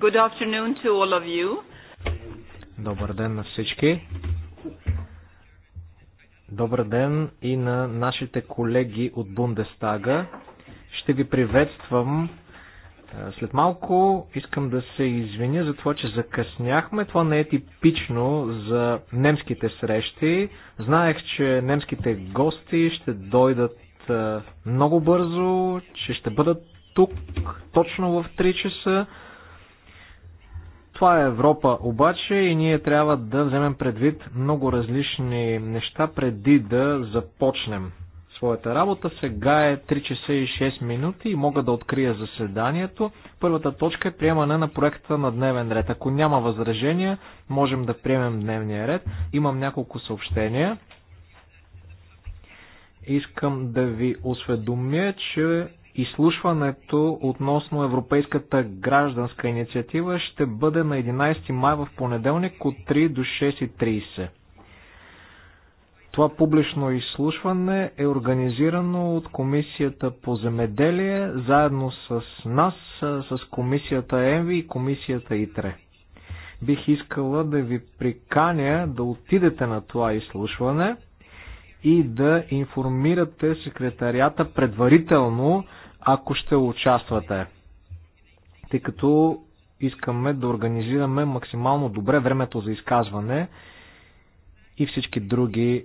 Good afternoon to all of you. Добър ден на всички. Добър ден и на нашите колеги от Бундестага. Ще ви приветствам. Е, след малко искам да се извиня за това, че закъсняхме. Това не е типично за немските срещи. Знаех, че немските гости ще дойдат е, много бързо, че ще бъдат тук точно в 3 часа. Това е Европа обаче и ние трябва да вземем предвид много различни неща преди да започнем своята работа. Сега е 3 часа и 6 минути и мога да открия заседанието. Първата точка е приемане на проекта на дневен ред. Ако няма възражения, можем да приемем дневния ред. Имам няколко съобщения. Искам да ви осведомя, че Изслушването относно Европейската гражданска инициатива ще бъде на 11 май в понеделник от 3 до 6.30. Това публично изслушване е организирано от Комисията по земеделие, заедно с нас, с Комисията ЕМВИ и Комисията ИТРЕ. Бих искала да ви приканя да отидете на това изслушване и да информирате секретарията предварително ако ще участвате. Тъй като искаме да организираме максимално добре времето за изказване и всички други е,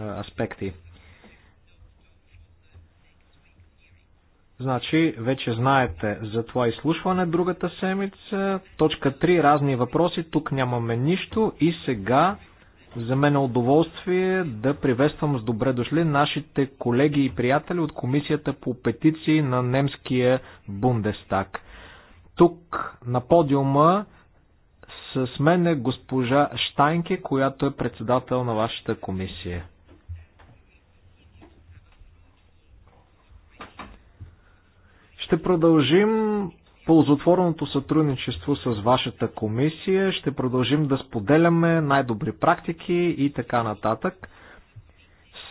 аспекти. Значи, вече знаете за това изслушване другата седмица. Точка 3. Разни въпроси. Тук нямаме нищо. И сега за мен е удоволствие да приветствам с добре дошли нашите колеги и приятели от Комисията по петиции на немския Бундестаг. Тук на подиума с мен е госпожа Штайнке, която е председател на вашата комисия. Ще продължим ползотворното сътрудничество с вашата комисия. Ще продължим да споделяме най-добри практики и така нататък.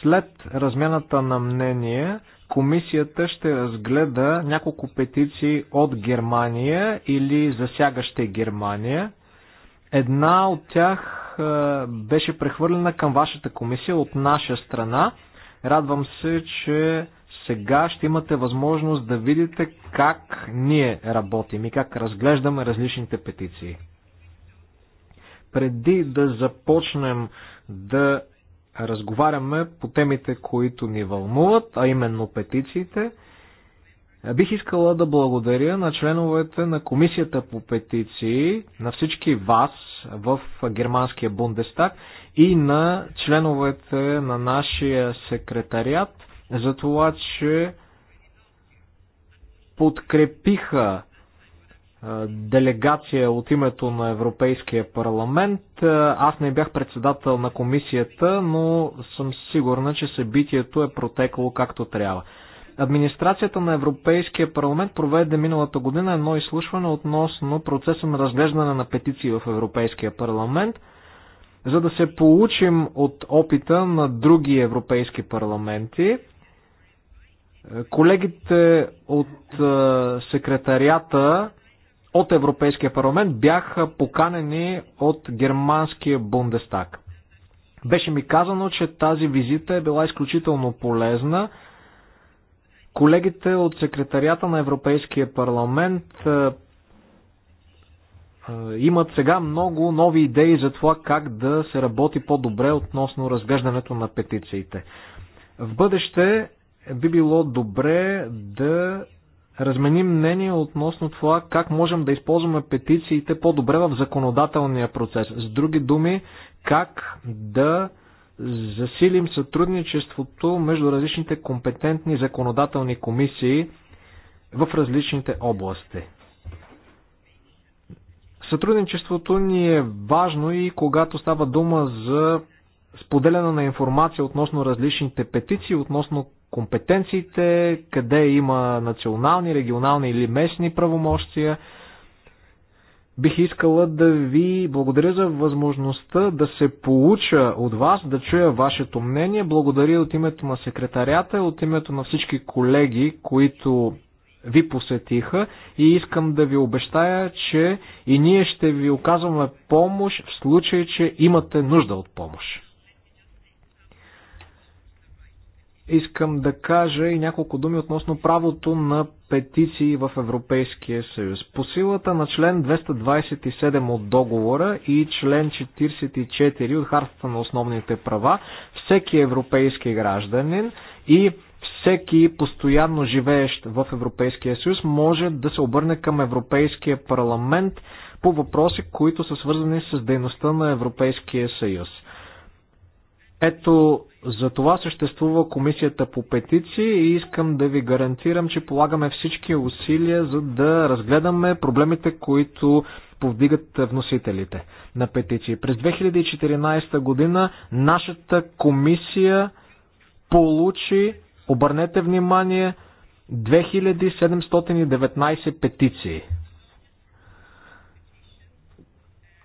След размяната на мнение, комисията ще разгледа няколко петиции от Германия или засягащи Германия. Една от тях е, беше прехвърлена към вашата комисия от наша страна. Радвам се, че сега ще имате възможност да видите как ние работим и как разглеждаме различните петиции. Преди да започнем да разговаряме по темите, които ни вълнуват, а именно петициите, Бих искала да благодаря на членовете на Комисията по петиции, на всички вас в Германския Бундестаг и на членовете на нашия секретариат за това, че подкрепиха делегация от името на Европейския парламент. Аз не бях председател на комисията, но съм сигурна, че събитието е протекло както трябва. Администрацията на Европейския парламент проведе миналата година едно изслушване относно процеса на разглеждане на петиции в Европейския парламент, за да се получим от опита на други европейски парламенти – Колегите от секретарията от Европейския парламент бяха поканени от германския Бундестаг. Беше ми казано, че тази визита е била изключително полезна. Колегите от секретарията на Европейския парламент имат сега много нови идеи за това как да се работи по-добре относно разглеждането на петициите. В бъдеще би било добре да разменим мнение относно това как можем да използваме петициите по-добре в законодателния процес. С други думи, как да засилим сътрудничеството между различните компетентни законодателни комисии в различните области. Сътрудничеството ни е важно и когато става дума за споделяне на информация относно различните петиции, относно компетенциите, къде има национални, регионални или местни правомощия. Бих искала да ви благодаря за възможността да се получа от вас, да чуя вашето мнение. Благодаря от името на секретарята, от името на всички колеги, които ви посетиха и искам да ви обещая, че и ние ще ви оказваме помощ в случай, че имате нужда от помощ. искам да кажа и няколко думи относно правото на петиции в Европейския съюз. По силата на член 227 от договора и член 44 от Хартата на основните права, всеки европейски гражданин и всеки постоянно живеещ в Европейския съюз може да се обърне към Европейския парламент по въпроси, които са свързани с дейността на Европейския съюз. Ето, за това съществува комисията по петиции и искам да ви гарантирам, че полагаме всички усилия, за да разгледаме проблемите, които повдигат вносителите на петиции. През 2014 година нашата комисия получи, обърнете внимание, 2719 петиции.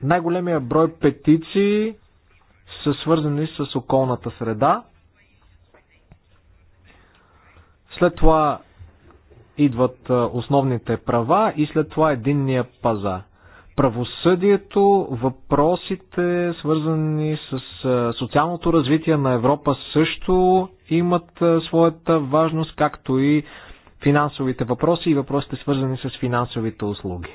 Най-големия брой петиции са свързани с околната среда. След това идват основните права и след това единния пазар. Правосъдието, въпросите, свързани с социалното развитие на Европа също имат своята важност, както и финансовите въпроси и въпросите свързани с финансовите услуги.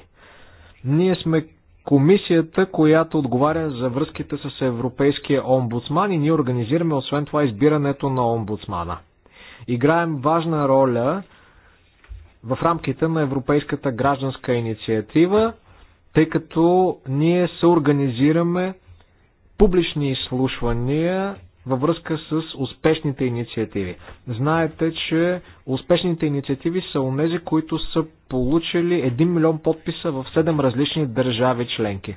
Ние сме комисията, която отговаря за връзките с Европейския омбудсман и ние организираме освен това избирането на омбудсмана. Играем важна роля в рамките на Европейската гражданска инициатива, тъй като ние се организираме публични изслушвания във връзка с успешните инициативи. Знаете, че успешните инициативи са онези, които са получили 1 милион подписа в 7 различни държави членки.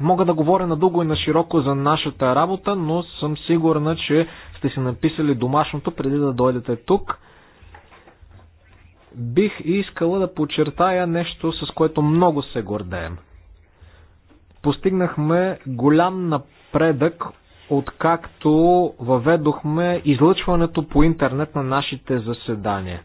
Мога да говоря дълго и на широко за нашата работа, но съм сигурна, че сте си написали домашното преди да дойдете тук. Бих искала да подчертая нещо, с което много се гордеем. Постигнахме голям напредък откакто въведохме излъчването по интернет на нашите заседания.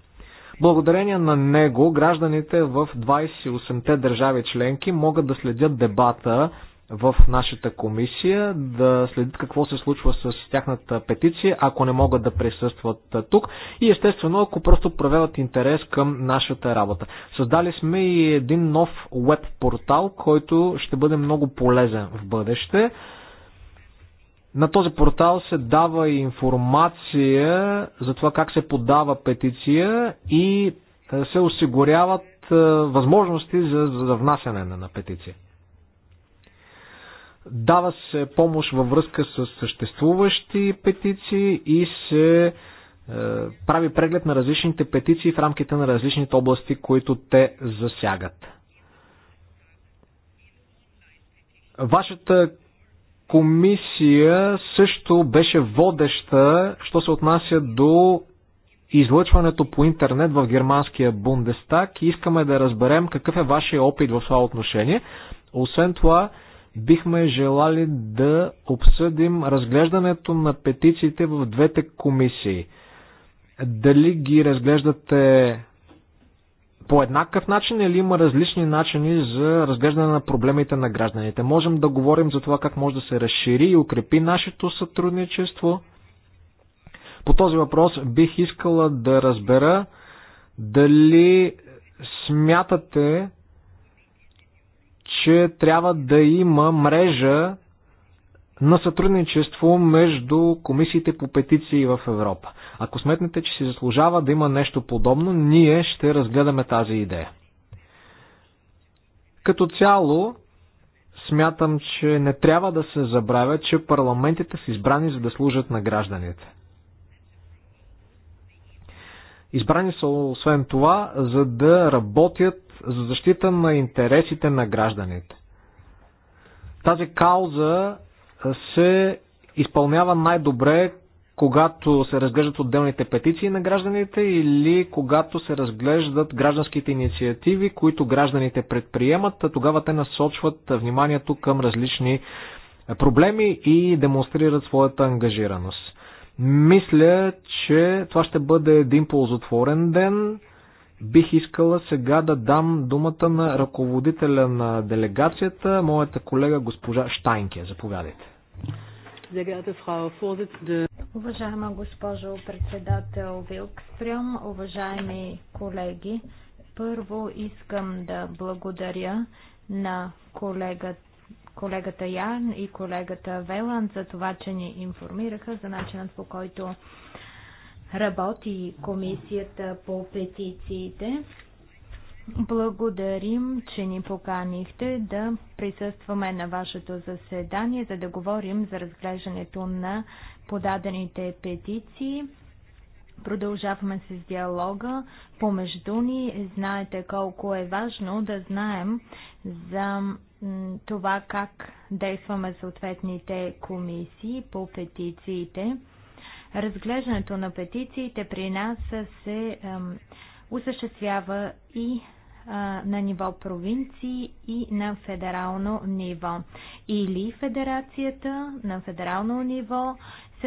Благодарение на него гражданите в 28-те държави членки могат да следят дебата в нашата комисия, да следят какво се случва с тяхната петиция, ако не могат да присъстват тук и естествено, ако просто проявяват интерес към нашата работа. Създали сме и един нов веб портал, който ще бъде много полезен в бъдеще. На този портал се дава информация за това как се подава петиция и е, се осигуряват е, възможности за, за внасяне на, на петиция. Дава се помощ във връзка с съществуващи петиции и се е, прави преглед на различните петиции в рамките на различните области, които те засягат. Вашата комисия също беше водеща, що се отнася до излъчването по интернет в германския Бундестаг и искаме да разберем какъв е вашия опит в това отношение. Освен това, бихме желали да обсъдим разглеждането на петициите в двете комисии. Дали ги разглеждате по еднакъв начин или има различни начини за разглеждане на проблемите на гражданите? Можем да говорим за това как може да се разшири и укрепи нашето сътрудничество. По този въпрос бих искала да разбера дали смятате, че трябва да има мрежа на сътрудничество между комисиите по петиции в Европа. Ако сметнете, че си заслужава да има нещо подобно, ние ще разгледаме тази идея. Като цяло, смятам, че не трябва да се забравя, че парламентите са избрани за да служат на гражданите. Избрани са освен това, за да работят за защита на интересите на гражданите. Тази кауза се изпълнява най-добре, когато се разглеждат отделните петиции на гражданите или когато се разглеждат гражданските инициативи, които гражданите предприемат, тогава те насочват вниманието към различни проблеми и демонстрират своята ангажираност. Мисля, че това ще бъде един ползотворен ден. Бих искала сега да дам думата на ръководителя на делегацията, моята колега госпожа Штайнке. Заповядайте. Sehr geehrte Frau Vorsitzende, Уважаема госпожо председател Вилкстрем, уважаеми колеги, първо искам да благодаря на колегата колегата Ян и колегата Веланд за това, че ни информираха за начинът по който работи комисията по петициите. Благодарим, че ни поканихте да присъстваме на вашето заседание, за да говорим за разглеждането на подадените петиции. Продължаваме с диалога помежду ни. Знаете колко е важно да знаем за това как действаме съответните комисии по петициите. Разглеждането на петициите при нас се ем, осъществява и е, на ниво провинции и на федерално ниво. Или федерацията на федерално ниво,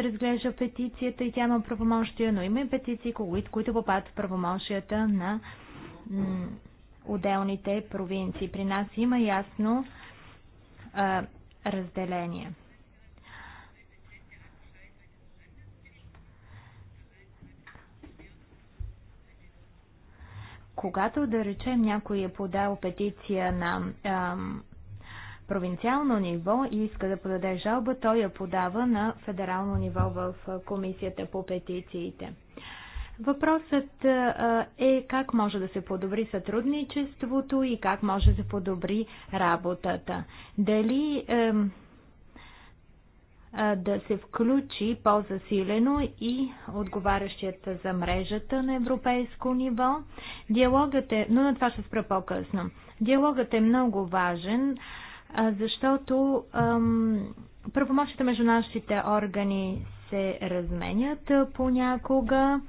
се разглежда петицията и тя има правомощия, но има и петиции, които попадат в правомощията на отделните провинции. При нас има ясно а, разделение. Когато, да речем, някой е подал петиция на А, провинциално ниво и иска да подаде жалба, той я подава на федерално ниво в Комисията по петициите. Въпросът е как може да се подобри сътрудничеството и как може да се подобри работата. Дали е, да се включи по-засилено и отговарящият за мрежата на европейско ниво. Диалогът е, но на това ще спра по-късно. Диалогът е много важен защото правомощите между нашите органи се разменят понякога.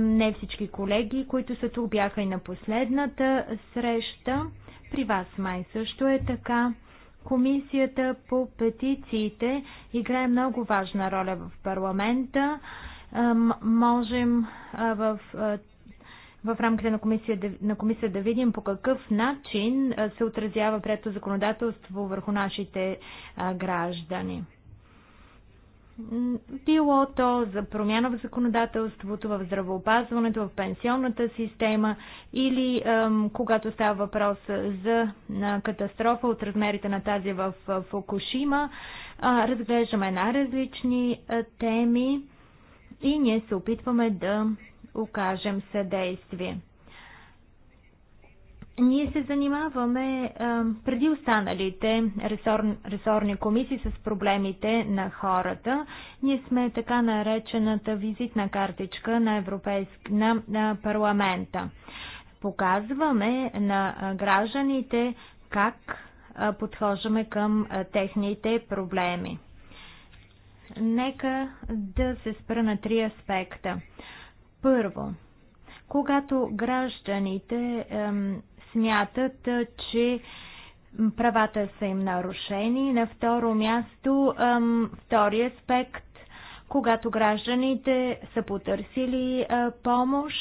Не всички колеги, които са тук, бяха и на последната среща. При вас май също е така. Комисията по петициите играе много важна роля в парламента. Можем в в рамките на комисия, на комисия да видим по какъв начин се отразява прето законодателство върху нашите граждани. Било то за промяна в законодателството, в здравеопазването, в пенсионната система или ем, когато става въпрос за катастрофа от размерите на тази в Фукушима, разглеждаме най-различни теми и ние се опитваме да окажем съдействие. Ние се занимаваме а, преди останалите ресор, ресорни комисии с проблемите на хората. Ние сме така наречената визитна картичка на, европейск, на, на парламента. Показваме на гражданите как подхождаме към техните проблеми. Нека да се спра на три аспекта. А, първо, когато гражданите ем, смятат, е, че правата са им нарушени. На второ място, ем, втори аспект, когато гражданите са потърсили е, помощ,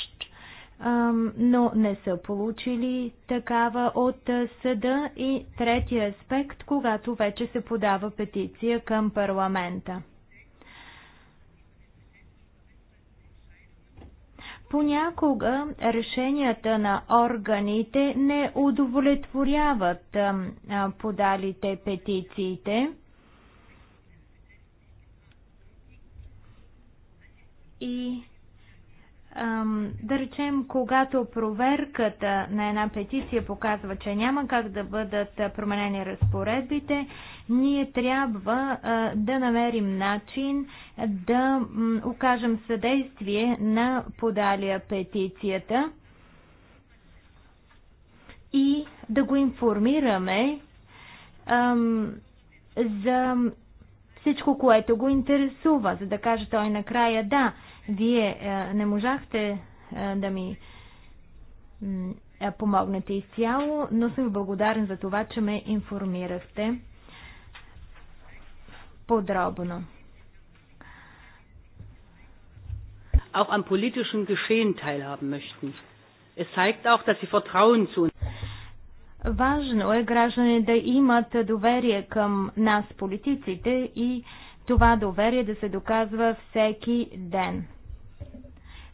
но не са получили такава от е, съда. И третия аспект, когато вече се подава петиция към парламента. Понякога решенията на органите не удовлетворяват подалите петициите. И да речем, когато проверката на една петиция показва, че няма как да бъдат променени разпоредбите, ние трябва а, да намерим начин да м, окажем съдействие на подалия петицията и да го информираме ам, за всичко, което го интересува, за да каже той накрая да, вие а, не можахте а, да ми помогнете изцяло, но съм благодарен за това, че ме информирахте подробно. Auch am politischen Geschehen teilhaben möchten. Es zeigt auch, dass sie Vertrauen zu uns Важно е граждани да имат доверие към нас, политиците, и това доверие да се доказва всеки ден.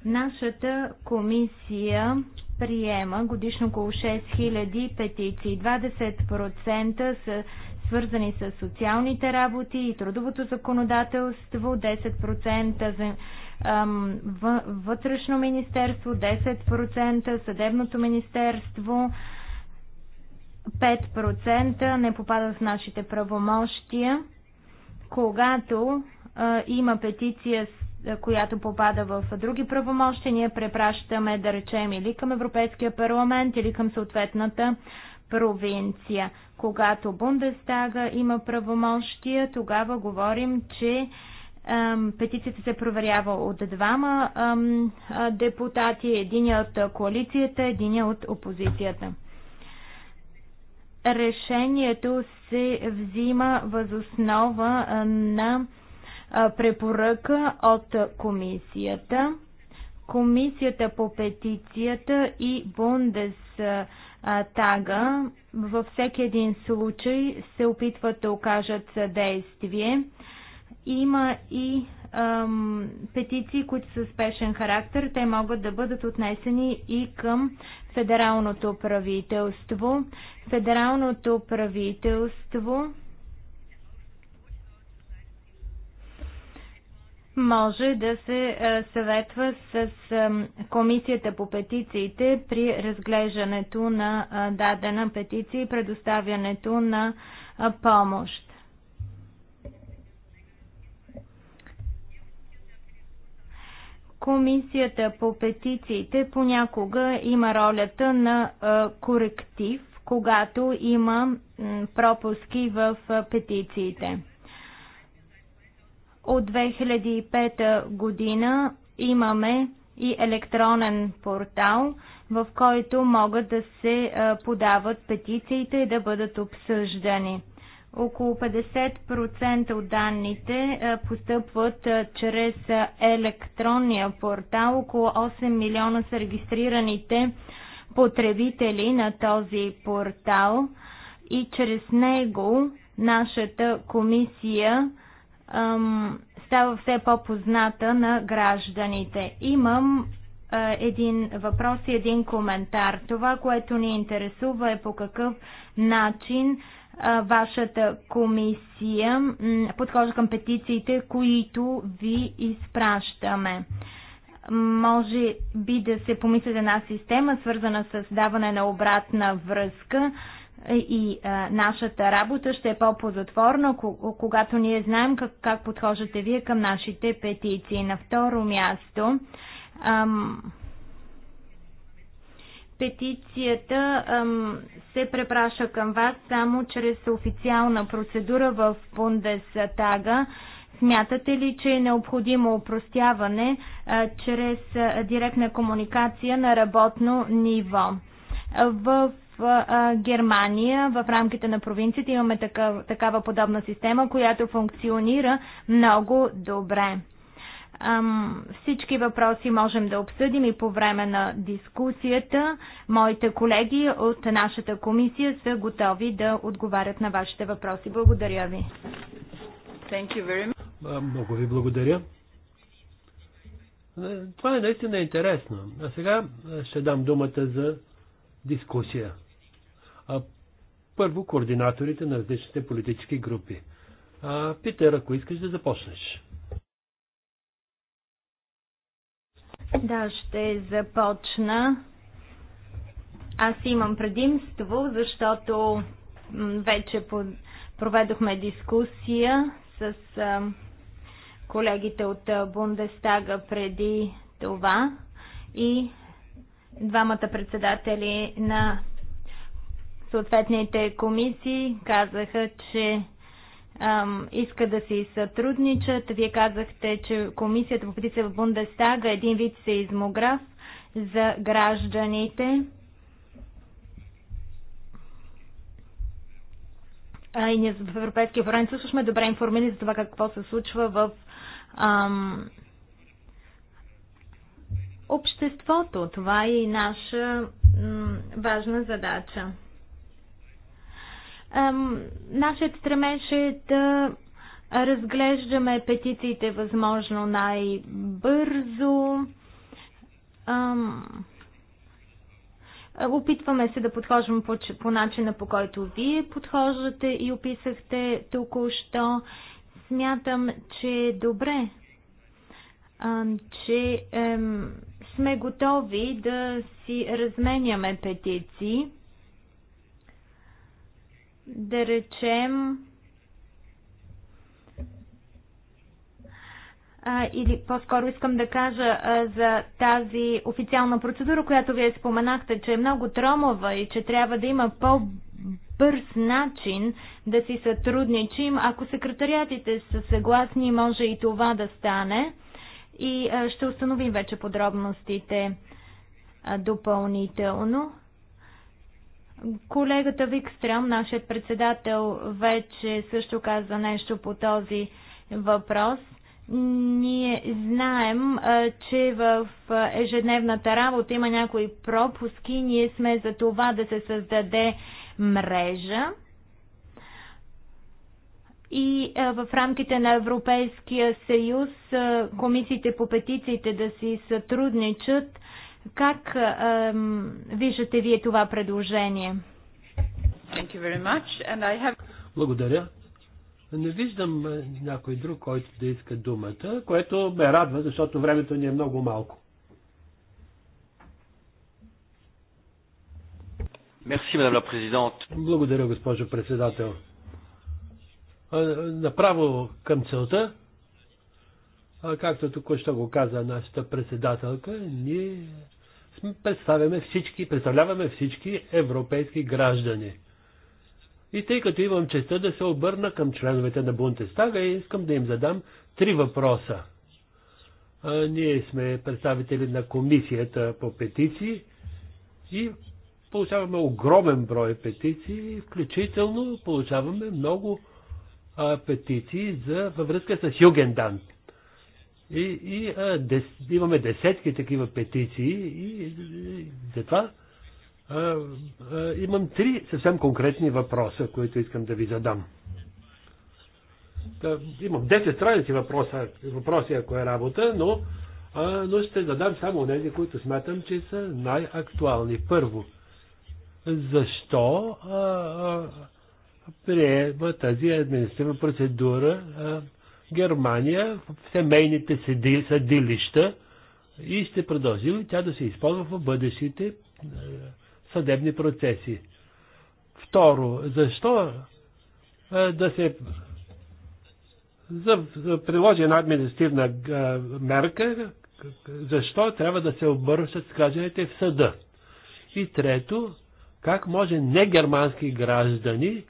Нашата комисия приема годишно около 6000 петиции. 20% са свързани с социалните работи и трудовото законодателство, 10% за вътрешно министерство, 10% съдебното министерство, 5% не попада в нашите правомощия. Когато а, има петиция, която попада в други правомощия, ние препращаме, да речем, или към Европейския парламент, или към съответната провинция. Когато Бундестага има правомощия, тогава говорим, че ем, петицията се проверява от двама ем, депутати, един от коалицията, един от опозицията. Решението се взима възоснова на препоръка от комисията. Комисията по петицията и Бундестага а, тага. Във всеки един случай се опитват да окажат съдействие. Има и ам, петиции, които са спешен характер. Те могат да бъдат отнесени и към федералното правителство. Федералното правителство може да се е, съветва с е, Комисията по петициите при разглеждането на е, дадена петиция и предоставянето на помощ. Комисията по петициите понякога има ролята на коректив, когато има пропуски в петициите. От 2005 година имаме и електронен портал, в който могат да се подават петициите и да бъдат обсъждани. Около 50% от данните постъпват чрез електронния портал. Около 8 милиона са регистрираните потребители на този портал и чрез него нашата комисия става все по-позната на гражданите. Имам един въпрос и един коментар. Това, което ни интересува е по какъв начин вашата комисия подхожда към петициите, които ви изпращаме. Може би да се помисли за една система, свързана с даване на обратна връзка, и а, нашата работа ще е по-плодотворна, когато ние знаем как, как подхождате вие към нашите петиции. На второ място, ам, петицията ам, се препраша към вас само чрез официална процедура в Бундестага. Смятате ли, че е необходимо упростяване а, чрез а, директна комуникация на работно ниво? В Германия, в рамките на провинцията, имаме такава, такава подобна система, която функционира много добре. Ам, всички въпроси можем да обсъдим и по време на дискусията. Моите колеги от нашата комисия са готови да отговарят на вашите въпроси. Благодаря ви. Много ви благодаря. Е, това е наистина интересно. А сега ще дам думата за дискусия. А Първо, координаторите на различните политически групи. Питер, ако искаш да започнеш. Да, ще започна. Аз имам предимство, защото вече проведохме дискусия с колегите от Бундестага преди това и двамата председатели на Съответните комисии казаха, че ам, иска да си сътрудничат. Вие казахте, че комисията по петиция в Бундестага един вид сеизмограф за гражданите. А и ние в Европейския парламент също сме добре информирани за това какво се случва в ам, обществото. Това е и наша м, важна задача. Нашият стремеж е да разглеждаме петициите възможно най-бързо. Опитваме се да подхождаме по, по начина, по който вие подхождате и описахте току-що. Смятам, че е добре, а, че ем, сме готови да си разменяме петиции да речем, а, или по-скоро искам да кажа а, за тази официална процедура, която вие споменахте, че е много тромова и че трябва да има по-бърз начин да си сътрудничим. Ако секретариатите са съгласни, може и това да стане. И а, ще установим вече подробностите допълнително. Колегата Викстрам, нашият председател, вече също каза нещо по този въпрос. Ние знаем, че в ежедневната работа има някои пропуски. Ние сме за това да се създаде мрежа. И в рамките на Европейския съюз комисиите по петициите да си сътрудничат – как ем, виждате вие това предложение? Thank you very much. And I have... Благодаря. Не виждам някой друг, който да иска думата, което ме радва, защото времето ни е много малко. Merci, la Благодаря, госпожо председател. Направо към целта както тук що го каза нашата председателка, ние представяме всички, представляваме всички европейски граждани. И тъй като имам честа да се обърна към членовете на Бунтестага, искам да им задам три въпроса. А, ние сме представители на комисията по петиции и получаваме огромен брой петиции, включително получаваме много а, петиции за, във връзка с Югендант. И, и а, дес, имаме десетки такива петиции и, и затова а, а, имам три съвсем конкретни въпроса, които искам да ви задам. Да, имам 10 страници въпроса, въпроси, ако е работа, но, а, но ще задам само тези, които смятам, че са най-актуални. Първо, защо а, а, приема тази административна процедура а, Германия в семейните съдилища и ще продължи тя да се използва в бъдещите е, съдебни процеси. Второ, защо е, да се за, за приложи една административна е, мерка, защо трябва да се обръщат с гражданите в съда. И трето, как може негермански граждани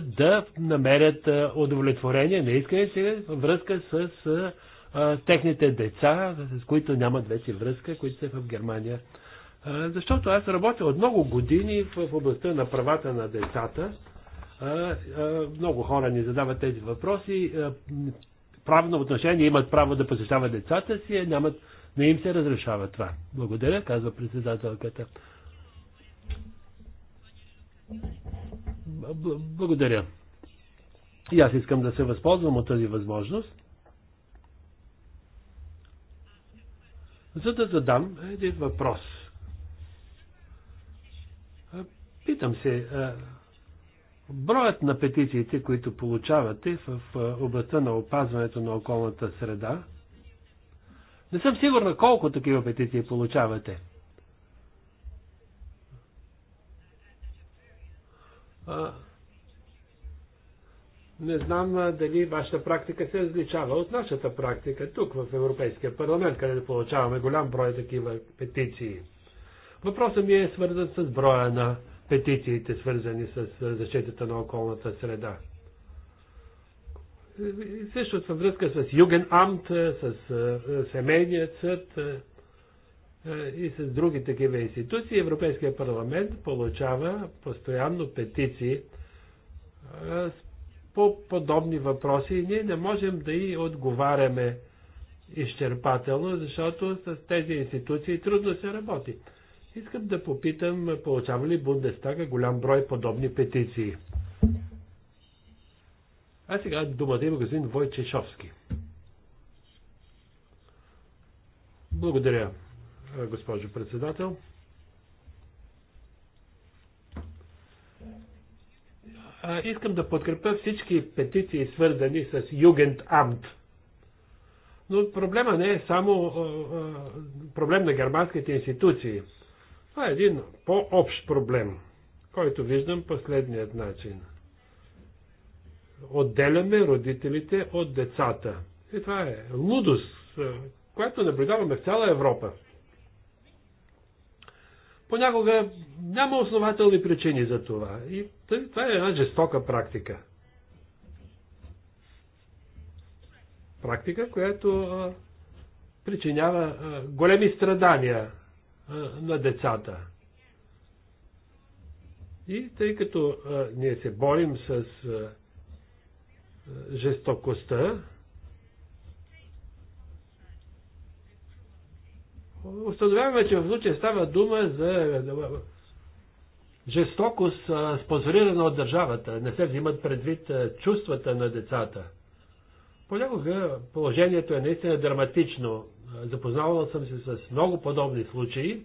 да намерят удовлетворение на искане си връзка с техните деца, с които нямат вече връзка, които са в Германия. Защото аз работя от много години в областта на правата на децата. Много хора ни задават тези въпроси. Правно отношение имат право да посещават децата си, нямат, не им се разрешава това. Благодаря, казва председателката. Благодаря. И аз искам да се възползвам от тази възможност, за да задам един въпрос. Питам се, броят на петициите, които получавате в областта на опазването на околната среда, не съм сигурна колко такива петиции получавате. не знам дали вашата практика се различава от нашата практика тук в Европейския парламент, където получаваме голям брой такива петиции. Въпросът ми е свързан с броя на петициите, свързани с защитата на околната среда. Също съм връзка с Юген Амт, с Семейният съд, е, и с други такива институции, Европейския парламент получава постоянно петиции е, по подобни въпроси и ние не можем да и отговаряме изчерпателно, защото с тези институции трудно се работи. Искам да попитам, получава ли Бундестага голям брой подобни петиции? А сега думата има господин Войчешовски. Благодаря госпожо председател. Искам да подкрепя всички петиции, свързани с Югендамт. Но проблема не е само проблем на германските институции. Това е един по-общ проблем, който виждам последният начин. Отделяме родителите от децата. И това е лудост, която наблюдаваме в цяла Европа. Понякога няма основателни причини за това. И това е една жестока практика. Практика, която причинява големи страдания на децата. И тъй като ние се борим с жестокостта, Установяваме, че в случая става дума за жестокост, спонсорирана от държавата. Не се взимат предвид чувствата на децата. Понякога положението е наистина драматично. Запознавал съм се с много подобни случаи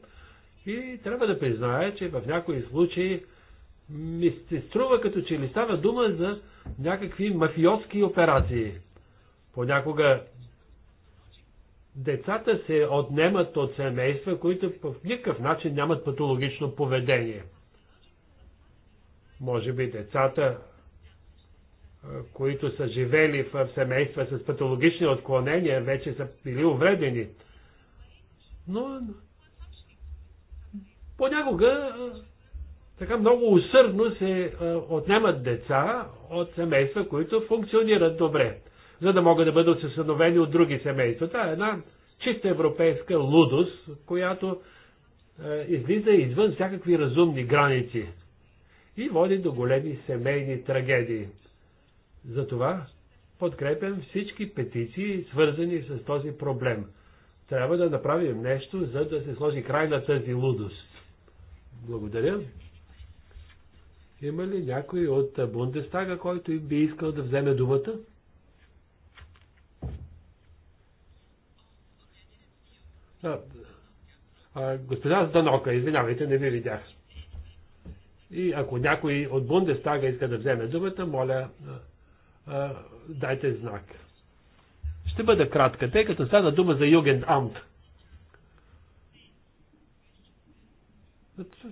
и трябва да призная, че в някои случаи ми се струва като че ли става дума за някакви мафиотски операции. Понякога децата се отнемат от семейства, които по никакъв начин нямат патологично поведение. Може би децата, които са живели в семейства с патологични отклонения, вече са били увредени. Но понякога така много усърдно се отнемат деца от семейства, които функционират добре за да могат да бъдат съсъновени от други семейства. Това е една чиста европейска лудост, която е, излиза извън всякакви разумни граници и води до големи семейни трагедии. Затова подкрепям всички петиции, свързани с този проблем. Трябва да направим нещо, за да се сложи край на тази лудост. Благодаря. Има ли някой от Бундестага, който би искал да вземе думата? Да. А, госпожа Данока, извинявайте, не ви видях. И ако някой от Бундестага иска да вземе думата, моля, а, дайте знак. Ще бъда кратка, тъй като стана дума за Юген Амт.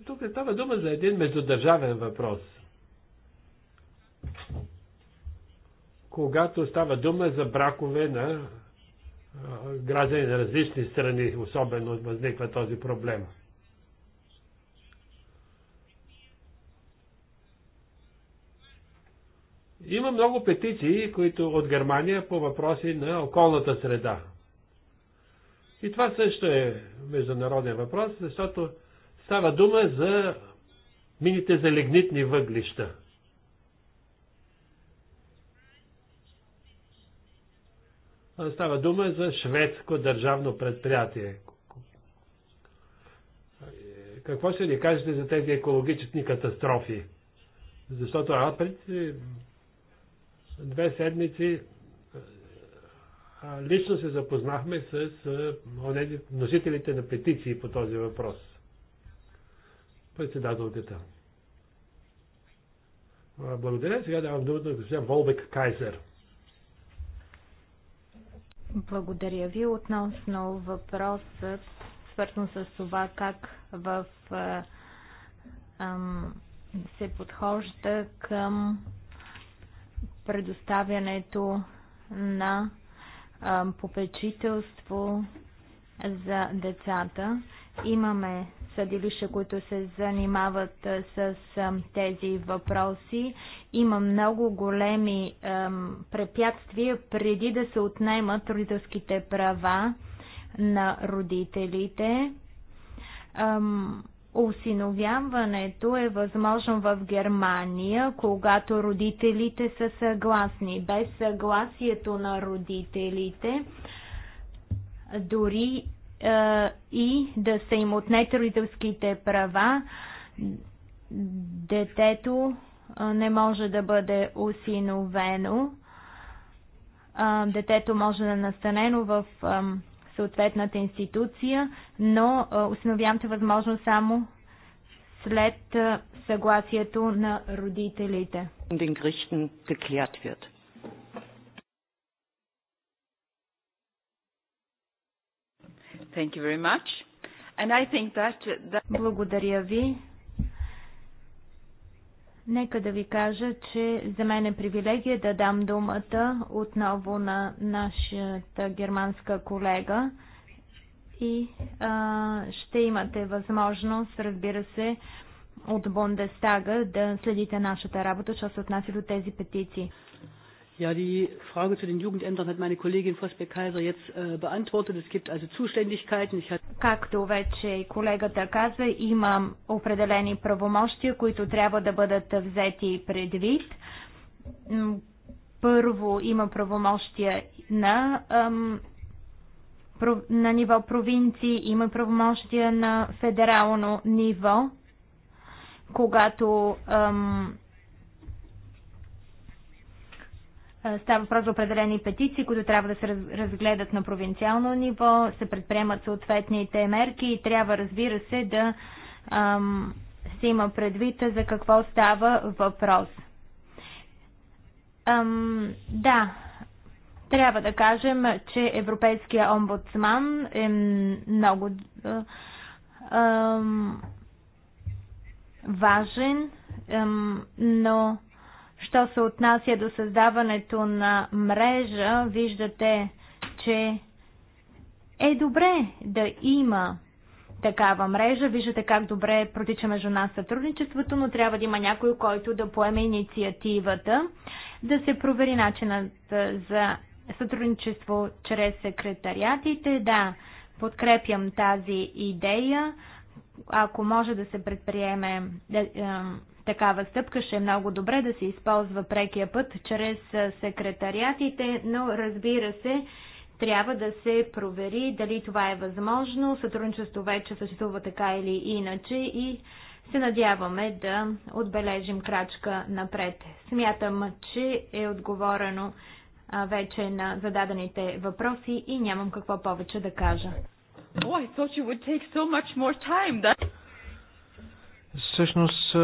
Тук е, става дума за един междудържавен въпрос. Когато става дума за бракове на граждани на различни страни, особено възниква този проблем. Има много петиции, които от Германия по въпроси на околната среда. И това също е международен въпрос, защото става дума за мините за лигнитни въглища. Става дума за шведско държавно предприятие. Какво ще ни кажете за тези екологични катастрофи? Защото а, е, две седмици е, лично се запознахме с е, носителите на петиции по този въпрос. Председателката. Благодаря. Сега давам думата на госпожа Волбек Кайзер. Благодаря ви относно въпросът, свързан с това как в а, ам, се подхожда към предоставянето на ам, попечителство за децата. Имаме съдилища, които се занимават с тези въпроси има много големи ем, препятствия преди да се отнемат родителските права на родителите. Ем, Осиновяването е възможно в Германия, когато родителите са съгласни. Без съгласието на родителите, дори е, и да са им отнете родителските права, детето не може да бъде усиновено. Детето може да е настанено в съответната институция, но усиновяването е възможно само след съгласието на родителите. Благодаря ви. Нека да ви кажа, че за мен е привилегия да дам думата отново на нашата германска колега и а, ще имате възможност, разбира се, от Бундестага да следите нашата работа, що се отнася до тези петиции. Ja, die Frage zu den Jugendämtern hat meine Kollegin Vosbeck-Kaiser jetzt äh, beantwortet. Es gibt also Zuständigkeiten. Ich hatte... Както вече колегата каза, има определени правомощия, които трябва да бъдат взети предвид. Първо има правомощия на, ам, про, на ниво провинции, има правомощия на федерално ниво, когато ам, Е, става въпрос за определени петиции, които трябва да се разгледат на провинциално ниво, се предприемат съответните мерки и трябва, разбира се, да ам, се има предвид за какво става въпрос. Ам, да, трябва да кажем, че Европейския омбудсман е много е, ам, важен, ам, но Що се отнася до създаването на мрежа, виждате, че е добре да има такава мрежа. Виждате как добре протича между нас сътрудничеството, но трябва да има някой, който да поеме инициативата, да се провери начинът за сътрудничество чрез секретариатите. Да, подкрепям тази идея. Ако може да се предприеме да, такава стъпка ще е много добре да се използва прекия път чрез секретариатите, но разбира се, трябва да се провери дали това е възможно. Сътрудничество вече съществува така или иначе и се надяваме да отбележим крачка напред. Смятам, че е отговорено вече на зададените въпроси и нямам какво повече да кажа. Oh, I thought you would take so much more time. That... Всъщност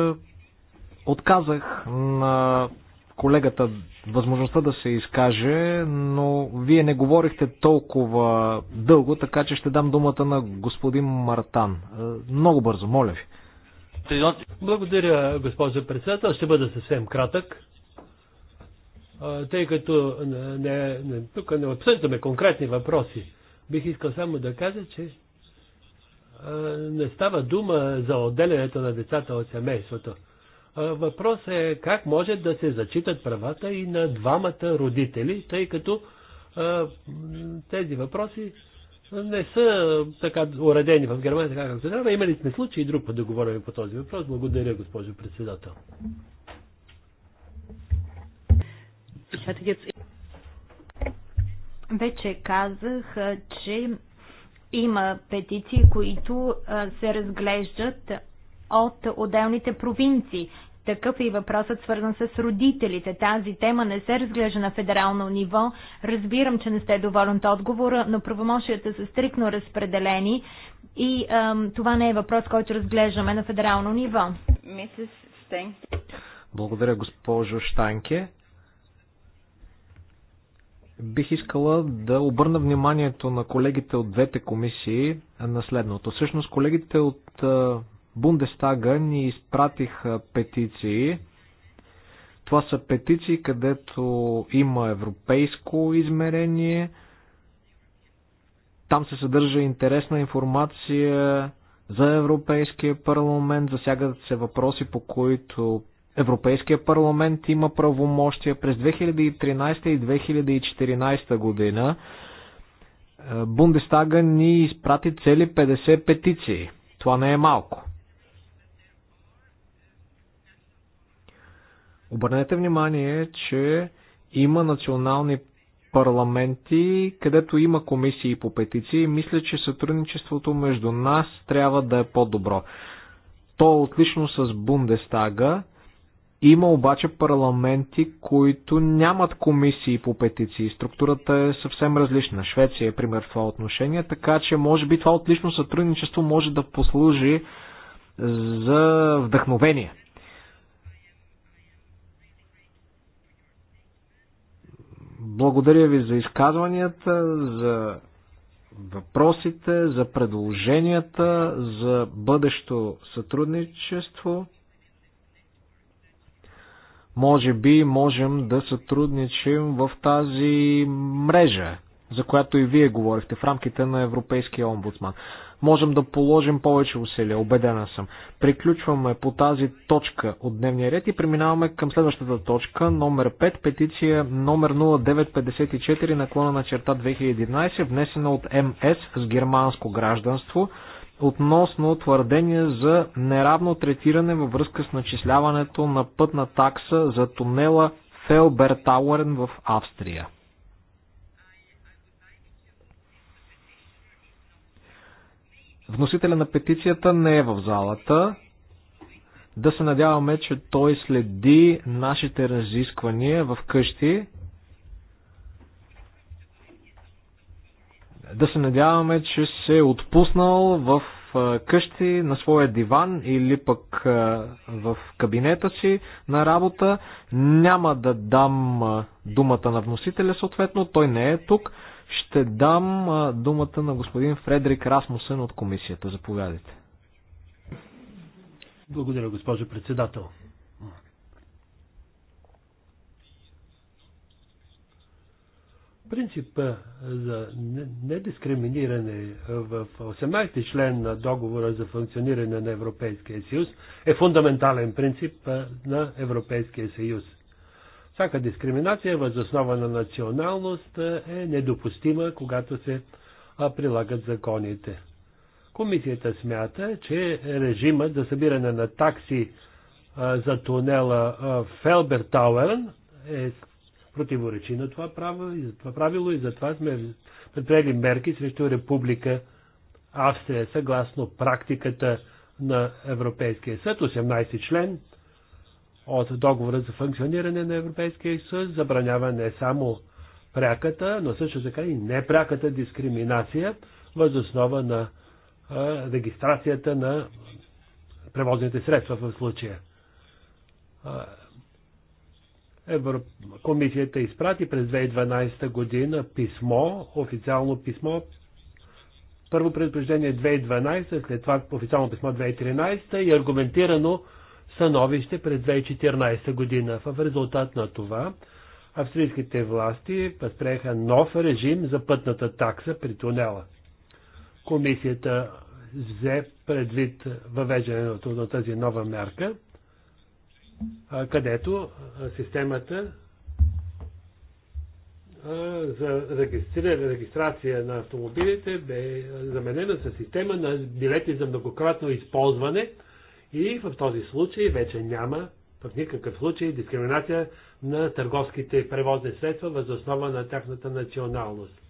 Отказах на колегата възможността да се изкаже, но вие не говорихте толкова дълго, така че ще дам думата на господин Мартан. Е, много бързо, моля ви. Благодаря, госпожо председател. Ще бъда съвсем кратък. Е, тъй като не, не, тук не обсъждаме конкретни въпроси, бих искал само да кажа, че е, не става дума за отделянето на децата от семейството. Въпросът е как може да се зачитат правата и на двамата родители, тъй като тези въпроси не са така уредени в Германия, така както трябва. Има ли сме случаи друг път да говорим по този въпрос? Благодаря, госпожо председател. Вече казах, че има петиции, които се разглеждат от отделните провинции. Такъв е и въпросът свързан с родителите. Тази тема не се разглежда на федерално ниво. Разбирам, че не сте доволен от отговора, но правомощията са стрикно разпределени и ам, това не е въпрос, който разглеждаме на федерално ниво. Благодаря, госпожо Штанке. Бих искала да обърна вниманието на колегите от двете комисии на следното. Всъщност, колегите от Бундестага ни изпратиха петиции. Това са петиции, където има европейско измерение. Там се съдържа интересна информация за Европейския парламент. Засягат се въпроси, по които Европейския парламент има правомощия през 2013 и 2014 година. Е, Бундестага ни изпрати цели 50 петиции. Това не е малко. Обърнете внимание, че има национални парламенти, където има комисии по петиции. Мисля, че сътрудничеството между нас трябва да е по-добро. То е отлично с Бундестага. Има обаче парламенти, които нямат комисии по петиции. Структурата е съвсем различна. Швеция е пример в това отношение, така че може би това отлично сътрудничество може да послужи за вдъхновение Благодаря ви за изказванията, за въпросите, за предложенията, за бъдещо сътрудничество. Може би можем да сътрудничим в тази мрежа, за която и вие говорихте в рамките на Европейския омбудсман можем да положим повече усилия, убедена съм. Приключваме по тази точка от дневния ред и преминаваме към следващата точка, номер 5, петиция номер 0954 наклона на черта 2011, внесена от МС с германско гражданство, относно твърдение за неравно третиране във връзка с начисляването на пътна такса за тунела Фелбертауерен в Австрия. Вносителя на петицията не е в залата. Да се надяваме, че той следи нашите разисквания в къщи. Да се надяваме, че се е отпуснал в къщи, на своя диван или пък в кабинета си на работа. Няма да дам думата на вносителя, съответно, той не е тук. Ще дам думата на господин Фредрик Расмусен от комисията. Заповядайте. Благодаря, госпожо председател. Принцип за недискриминиране в 18-ти член на договора за функциониране на Европейския съюз е фундаментален принцип на Европейския съюз. Всяка дискриминация въз основа на националност е, е недопустима, когато се прилагат законите. Комисията смята, че режимът за събиране на такси за тунела Фелбер Тауерн е противоречи на това правило и затова сме предприели мерки срещу Република Австрия, съгласно практиката на Европейския съд, 18 член от договора за функциониране на Европейския съюз забранява не само пряката, но също така и непряката дискриминация въз основа на а, регистрацията на превозните средства в случая. А, Евро... Комисията изпрати през 2012 година писмо, официално писмо, първо предупреждение 2012, след това официално писмо 2013 и аргументирано становище през 2014 година. В резултат на това австрийските власти възприеха нов режим за пътната такса при тунела. Комисията взе предвид въвеждането на тази нова мерка, където системата за регистрация на автомобилите бе заменена с система на билети за многократно използване – и в този случай вече няма в никакъв случай дискриминация на търговските превозни средства въз основа на тяхната националност.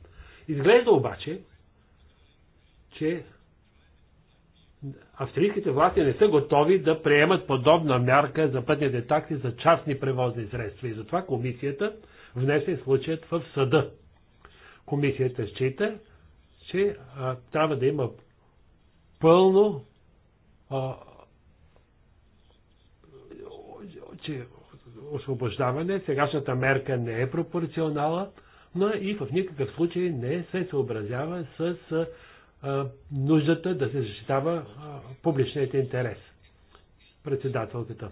Изглежда обаче, че австрийските власти не са готови да приемат подобна мярка за пътните такси за частни превозни средства и затова комисията внесе случаят в съда. Комисията счита, че а, трябва да има пълно а, че освобождаване, сегашната мерка не е пропорционална, но и в никакъв случай не се съобразява с а, нуждата да се защитава а, публичният интерес. Председателката.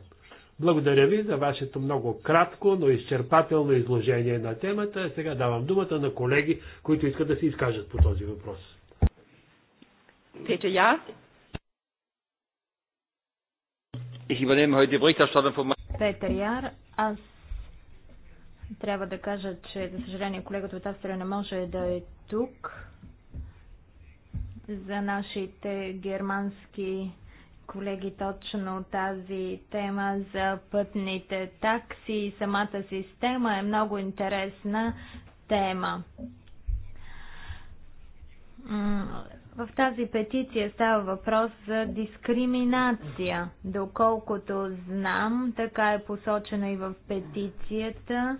Благодаря ви за вашето много кратко, но изчерпателно изложение на темата. Сега давам думата на колеги, които искат да се изкажат по този въпрос. Петя я. Ich übernehme heute die Berichterstattung von Peter Jahr Аз трябва да кажа, че за съжаление колегата от Австрия не може да е тук. За нашите германски колеги точно тази тема за пътните такси и самата система е много интересна тема в тази петиция става въпрос за дискриминация. Доколкото знам, така е посочена и в петицията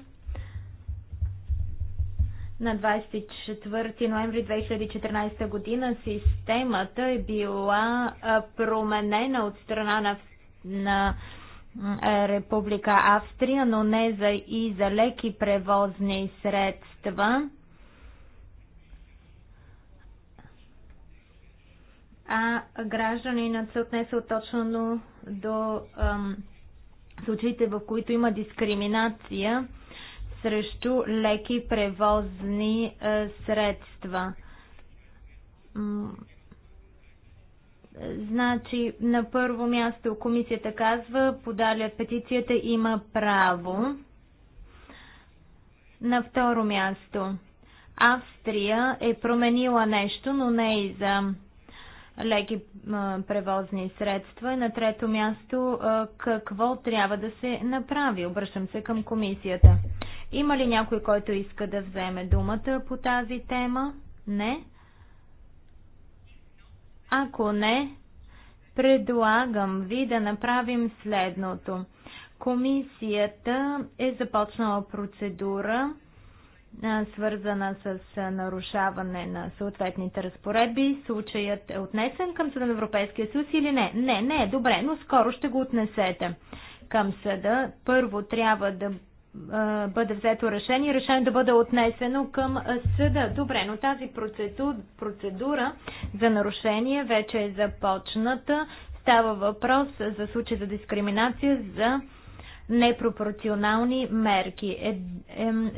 на 24 ноември 2014 година системата е била променена от страна на, на Република Австрия, но не за и за леки превозни средства. а гражданинът се отнесе точно до ам, случаите, в които има дискриминация срещу леки превозни а, е, средства. значи, на първо място комисията казва, подалят петицията има право. На второ място, Австрия е променила нещо, но не и за леки превозни средства. На трето място, какво трябва да се направи? Обръщам се към комисията. Има ли някой, който иска да вземе думата по тази тема? Не. Ако не, предлагам ви да направим следното. Комисията е започнала процедура свързана с нарушаване на съответните разпоредби. Случаят е отнесен към Съда на Европейския съюз или не? Не, не е добре, но скоро ще го отнесете към съда. Първо трябва да бъде взето решение, решение да бъде отнесено към съда. Добре, но тази процедура, процедура за нарушение вече е започната. Става въпрос за случай за дискриминация за непропорционални мерки. Е, е,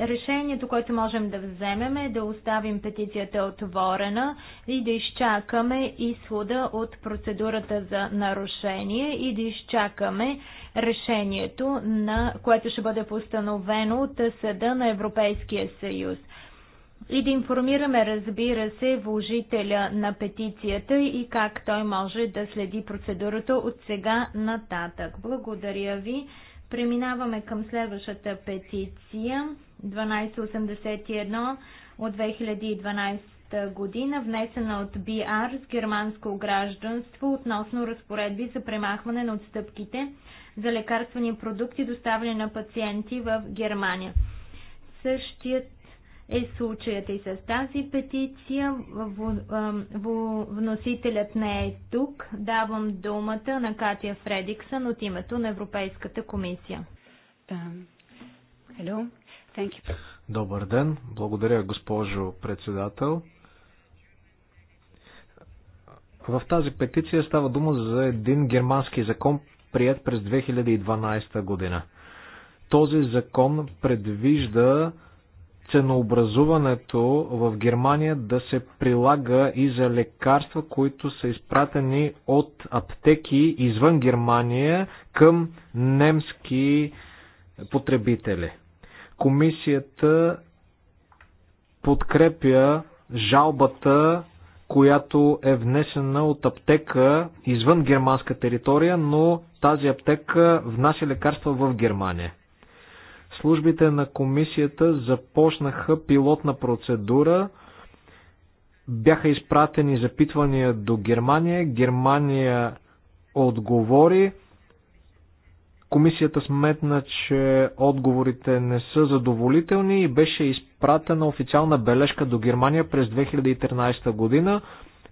решението, което можем да вземем е да оставим петицията отворена и да изчакаме изхода от процедурата за нарушение и да изчакаме решението, на което ще бъде постановено от Съда на Европейския съюз и да информираме, разбира се, вложителя на петицията и как той може да следи процедурата от сега нататък. Благодаря ви. Преминаваме към следващата петиция 1281 от 2012 година, внесена от БИАР с германско гражданство относно разпоредби за премахване на отстъпките за лекарствени продукти, доставени на пациенти в Германия. Същият е случаят и с тази петиция. Вносителят не е тук. Давам думата на Катя Фредиксън от името на Европейската комисия. Hello. Thank you. Добър ден. Благодаря, госпожо председател. В тази петиция става дума за един германски закон, прият през 2012 година. Този закон предвижда ценообразуването в Германия да се прилага и за лекарства, които са изпратени от аптеки извън Германия към немски потребители. Комисията подкрепя жалбата, която е внесена от аптека извън германска територия, но тази аптека внася лекарства в Германия службите на комисията започнаха пилотна процедура. Бяха изпратени запитвания до Германия. Германия отговори. Комисията сметна, че отговорите не са задоволителни и беше изпратена официална бележка до Германия през 2013 година.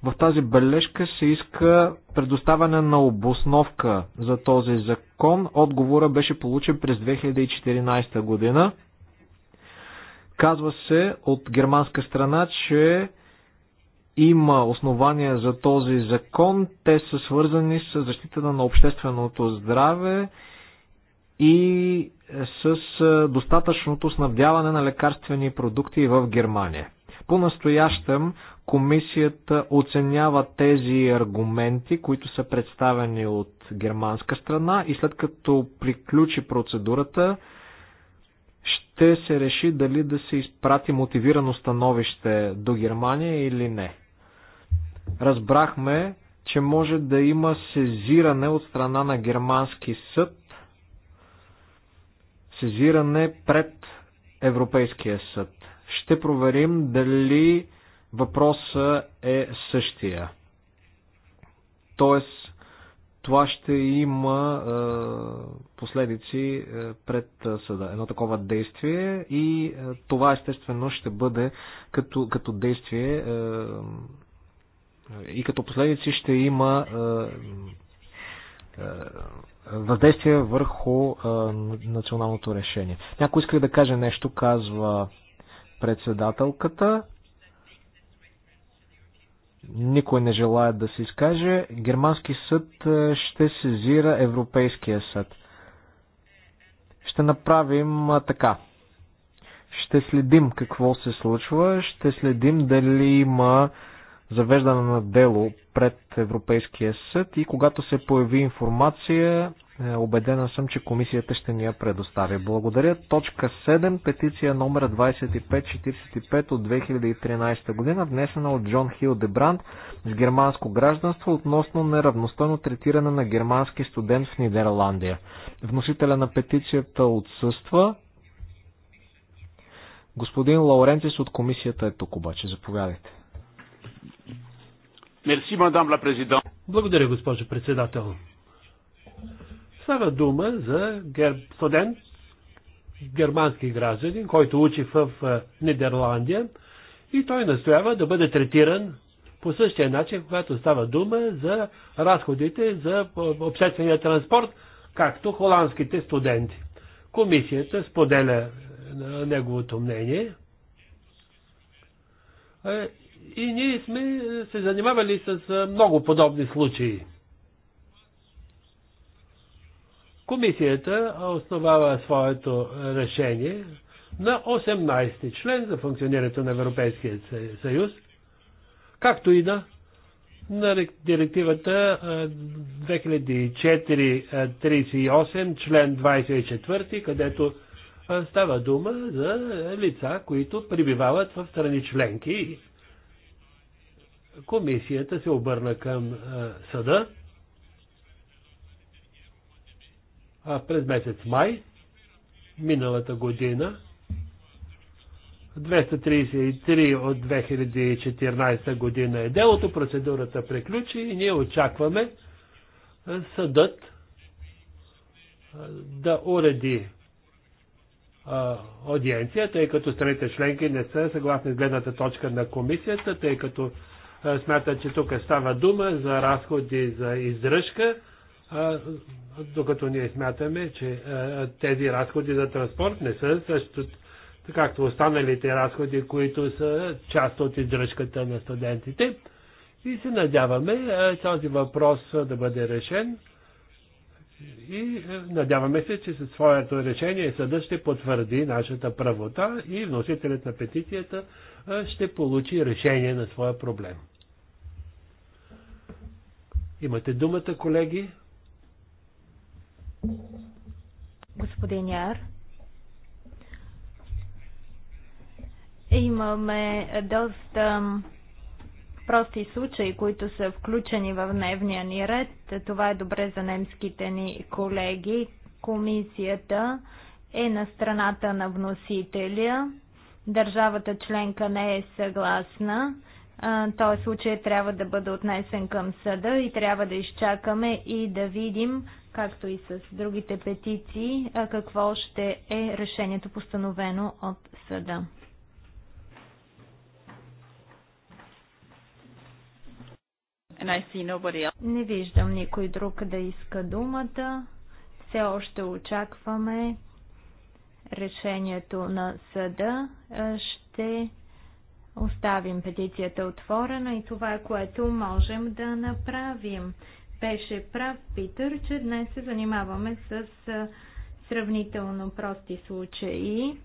В тази бележка се иска предоставяне на обосновка за този закон. Отговора беше получен през 2014 година. Казва се от германска страна, че има основания за този закон. Те са свързани с защитата на общественото здраве и с достатъчното снабдяване на лекарствени продукти в Германия. По-настоящем Комисията оценява тези аргументи, които са представени от германска страна и след като приключи процедурата, ще се реши дали да се изпрати мотивирано становище до Германия или не. Разбрахме, че може да има сезиране от страна на германски съд, сезиране пред Европейския съд. Ще проверим дали въпросът е същия. Тоест, това ще има е, последици е, пред съда. Едно такова действие и е, това естествено ще бъде като, като действие е, е и като последици ще има е, е, въздействие върху е, националното решение. Някой иска да каже нещо, казва председателката никой не желая да се изкаже, германски съд е, ще сезира Европейския съд. Ще направим е, така. Ще следим какво се случва, ще следим дали има завеждане на дело пред Европейския съд и когато се появи информация, Обедена е, съм, че комисията ще ни я предостави. Благодаря. Точка 7, петиция номер 2545 от 2013 година, внесена от Джон Хил Дебранд с германско гражданство относно неравностойно третиране на германски студент в Нидерландия. Вносителя на петицията отсъства. Господин Лауренцис от комисията е тук обаче. Заповядайте. Мерси, мадам ла президент. Благодаря, госпожо председател. Става дума за гер... студент, германски гражданин, който учи в Нидерландия и той настоява да бъде третиран по същия начин, когато става дума за разходите за обществения транспорт, както холандските студенти. Комисията споделя неговото мнение. Е, и ние сме се занимавали с много подобни случаи. Комисията основава своето решение на 18-ти член за функционирането на Европейския съюз, както и на, на директивата 2004-38, член 24, където става дума за лица, които прибивават в страни членки. Комисията се обърна към съда през месец май миналата година 233 от 2014 година е делото, процедурата приключи и ние очакваме съдът да уреди аудиенция, тъй като страните членки не са съгласни с гледната точка на комисията, тъй като смятат, че тук става дума за разходи за издръжка, докато ние смятаме, че тези разходи за транспорт не са също както останалите разходи, които са част от издръжката на студентите. И се надяваме този въпрос да бъде решен. И надяваме се, че със своето решение съда ще потвърди нашата правота и вносителят на петицията ще получи решение на своя проблем. Имате думата, колеги. Господин Яр. Имаме доста прости случаи, които са включени в дневния ни ред. Това е добре за немските ни колеги. Комисията е на страната на вносителя. Държавата членка не е съгласна този случай трябва да бъде отнесен към съда и трябва да изчакаме и да видим, както и с другите петиции, какво ще е решението постановено от съда. Не виждам никой друг да иска думата. Все още очакваме решението на съда. Ще оставим петицията отворена и това което можем да направим. Беше прав Питър, че днес се занимаваме с сравнително прости случаи.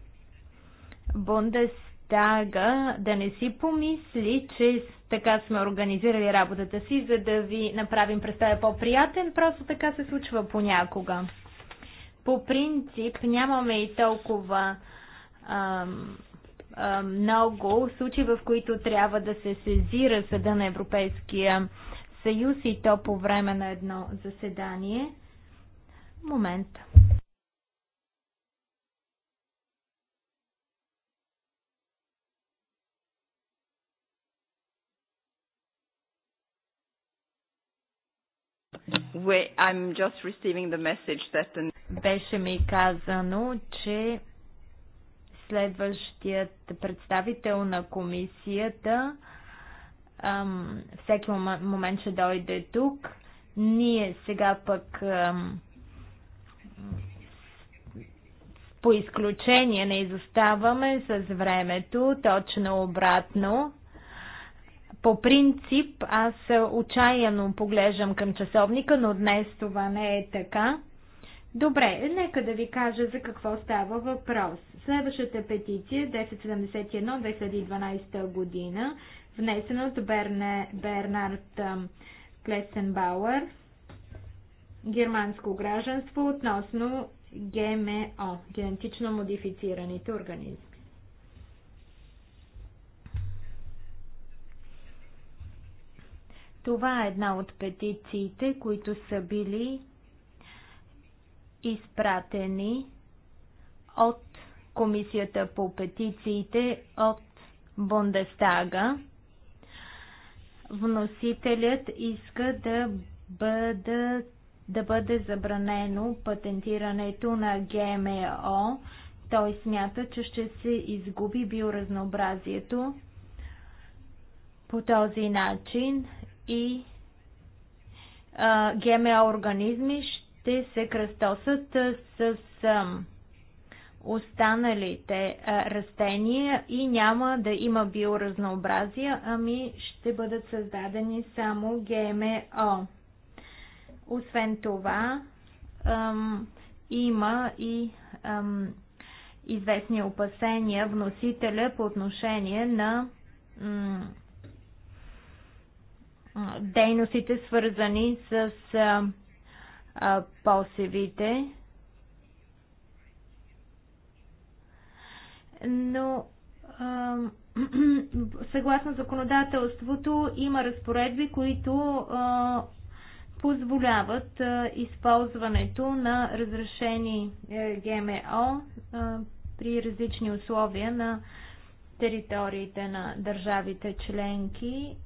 Бундестага да не си помисли, че така сме организирали работата си, за да ви направим представя по-приятен, просто така се случва понякога. По принцип нямаме и толкова ам, много случаи, в които трябва да се сезира Съда на Европейския съюз и то по време на едно заседание. Момент. Wait, I'm just receiving the message that the... Беше ми казано, че следващият представител на комисията ам, всеки момент ще дойде тук. Ние сега пък ам, по изключение не изоставаме с времето, точно обратно. По принцип аз отчаяно поглеждам към часовника, но днес това не е така. Добре, нека да ви кажа за какво става въпрос. Следващата петиция 1071-2012 година, внесена от Берне, Бернард Клесенбауер, германско гражданство относно ГМО, генетично модифицираните организми. Това е една от петициите, които са били изпратени от Комисията по петициите от Бундестага. Вносителят иска да бъде, да бъде забранено патентирането на ГМО. Той смята, че ще се изгуби биоразнообразието по този начин и а, ГМО организми ще ще се кръстосат с останалите растения и няма да има биоразнообразие, ами ще бъдат създадени само ГМО. Освен това, има и известни опасения вносителя по отношение на дейностите, свързани с посевите. Но а, съгласно законодателството има разпоредби, които а, позволяват а, използването на разрешени е, ГМО при различни условия на териториите на държавите членки.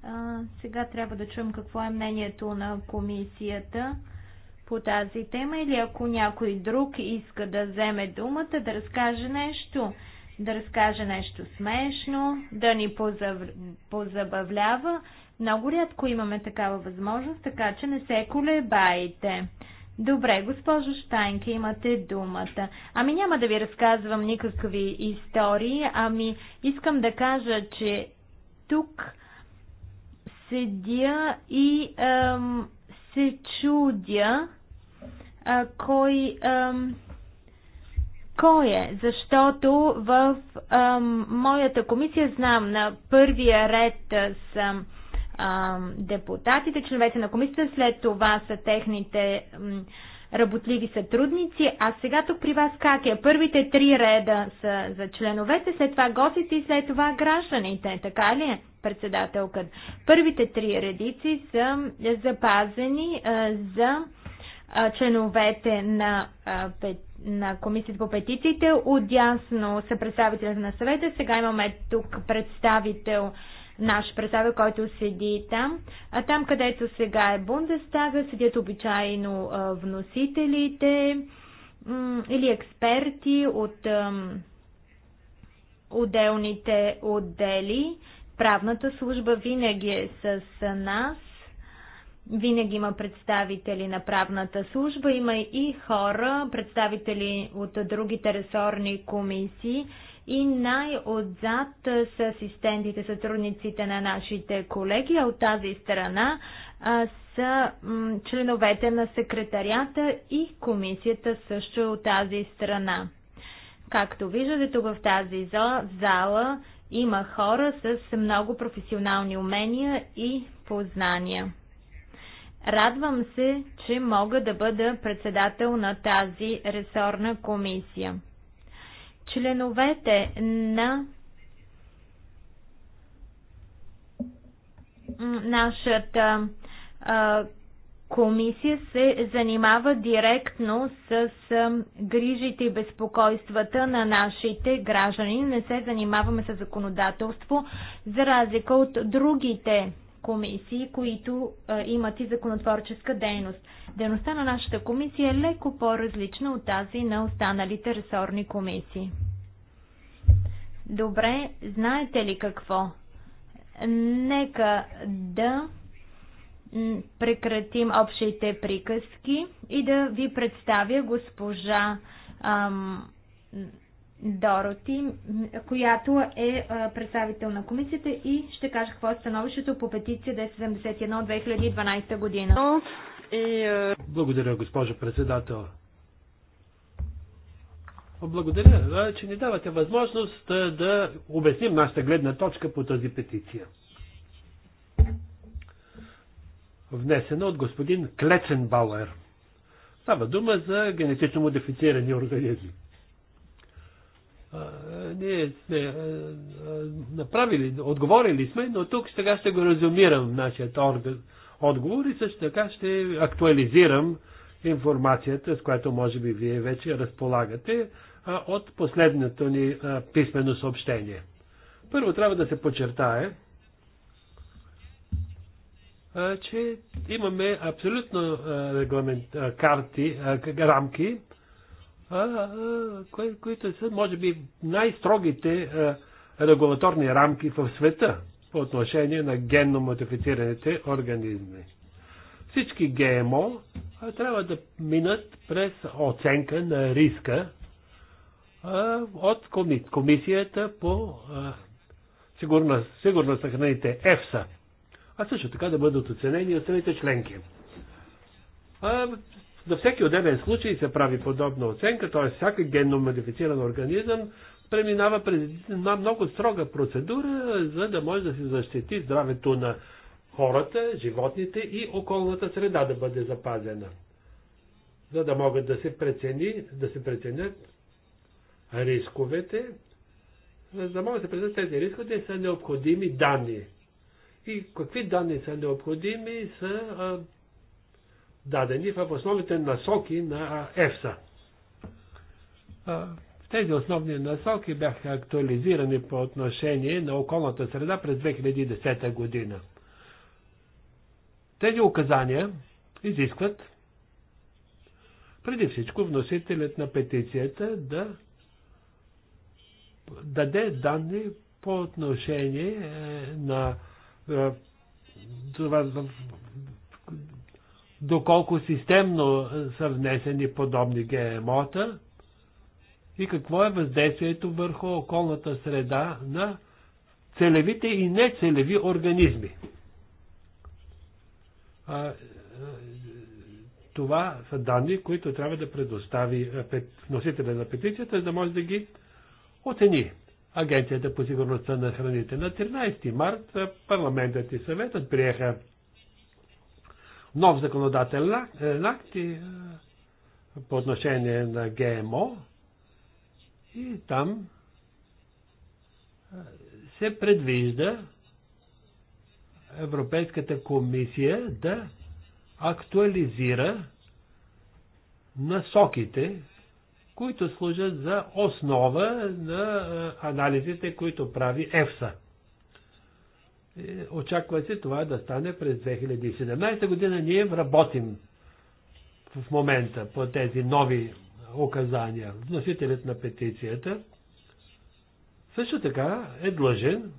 Сега трябва да чуем какво е мнението на комисията по тази тема или ако някой друг иска да вземе думата, да разкаже нещо, да разкаже нещо смешно, да ни позав... позабавлява. Много рядко имаме такава възможност, така че не се колебайте. Добре, госпожо Штайнке, имате думата. Ами няма да ви разказвам никакви истории, ами искам да кажа, че тук седя и ем, се чудя а, кой, ам, кой е, защото в ам, моята комисия знам, на първия ред съм ам, депутатите, членовете на комисията, след това са техните ам, работливи сътрудници, а сега тук при вас как е? Първите три реда са за членовете, след това гостите и след това гражданите, така ли е? председателка? Първите три редици са запазени а, за членовете на, на комисията по петициите. Отясно са представители на съвета. Сега имаме тук представител, наш представител, който седи там. А там, където сега е Бундестага, седят обичайно вносителите или експерти от отделните отдели. Правната служба винаги е с нас винаги има представители на правната служба, има и хора, представители от другите ресорни комисии и най-отзад са асистентите, сътрудниците на нашите колеги, а от тази страна а, са м, членовете на секретарията и комисията също от тази страна. Както виждате, тук в тази зала има хора с много професионални умения и познания. Радвам се, че мога да бъда председател на тази ресорна комисия. Членовете на нашата а, комисия се занимава директно с а, грижите и безпокойствата на нашите граждани. Не се занимаваме с законодателство, за разлика от другите комисии, които а, имат и законотворческа дейност. Дейността на нашата комисия е леко по-различна от тази на останалите ресорни комисии. Добре, знаете ли какво? Нека да прекратим общите приказки и да ви представя госпожа ам, Дороти, която е, е представител на комисията и ще каже какво е становището по петиция 1071 от 2012 година. Е, Благодаря, госпожо председател. Благодаря, е, че ни давате възможност да обясним нашата гледна точка по тази петиция. Внесена от господин Клеценбауер. Става дума за генетично модифицирани организми ние сме направили, отговорили сме, но тук сега ще го разумирам нашият отговор и също така ще актуализирам информацията, с която може би вие вече разполагате от последното ни писмено съобщение. Първо трябва да се подчертае, че имаме абсолютно регламент, карти, рамки, които са, може би, най-строгите регулаторни рамки в света по отношение на генно модифицираните организми. Всички ГМО трябва да минат през оценка на риска от комисията по сигурност, сигурност на храните ЕФСА, а също така да бъдат оценени от страните членки. За всеки отделен случай се прави подобна оценка, т.е. всяка генно модифициран организъм преминава през една много строга процедура, за да може да се защити здравето на хората, животните и околната среда да бъде запазена. За да могат да се, прецени, да се преценят рисковете, за да могат да се преценят тези рискове, са необходими данни. И какви данни са необходими, са дадени в основните насоки на ЕФСА. Тези основни насоки бяха актуализирани по отношение на околната среда през 2010 година. Тези указания изискват преди всичко вносителят на петицията да даде данни по отношение е, на е, това доколко системно са внесени подобни ГМО-та и какво е въздействието върху околната среда на целевите и нецелеви организми. Това са данни, които трябва да предостави носителя на петицията, за да може да ги оцени. Агенцията по сигурността на храните. На 13 март парламентът и съветът приеха нов законодателен акт е, и, е, по отношение на ГМО и там е, се предвижда Европейската комисия да актуализира насоките, които служат за основа на анализите, които прави ЕФСА. Е, очаква се това да стане през 2017 година. Ние работим в момента по тези нови указания. Вносителят на петицията също така е длъжен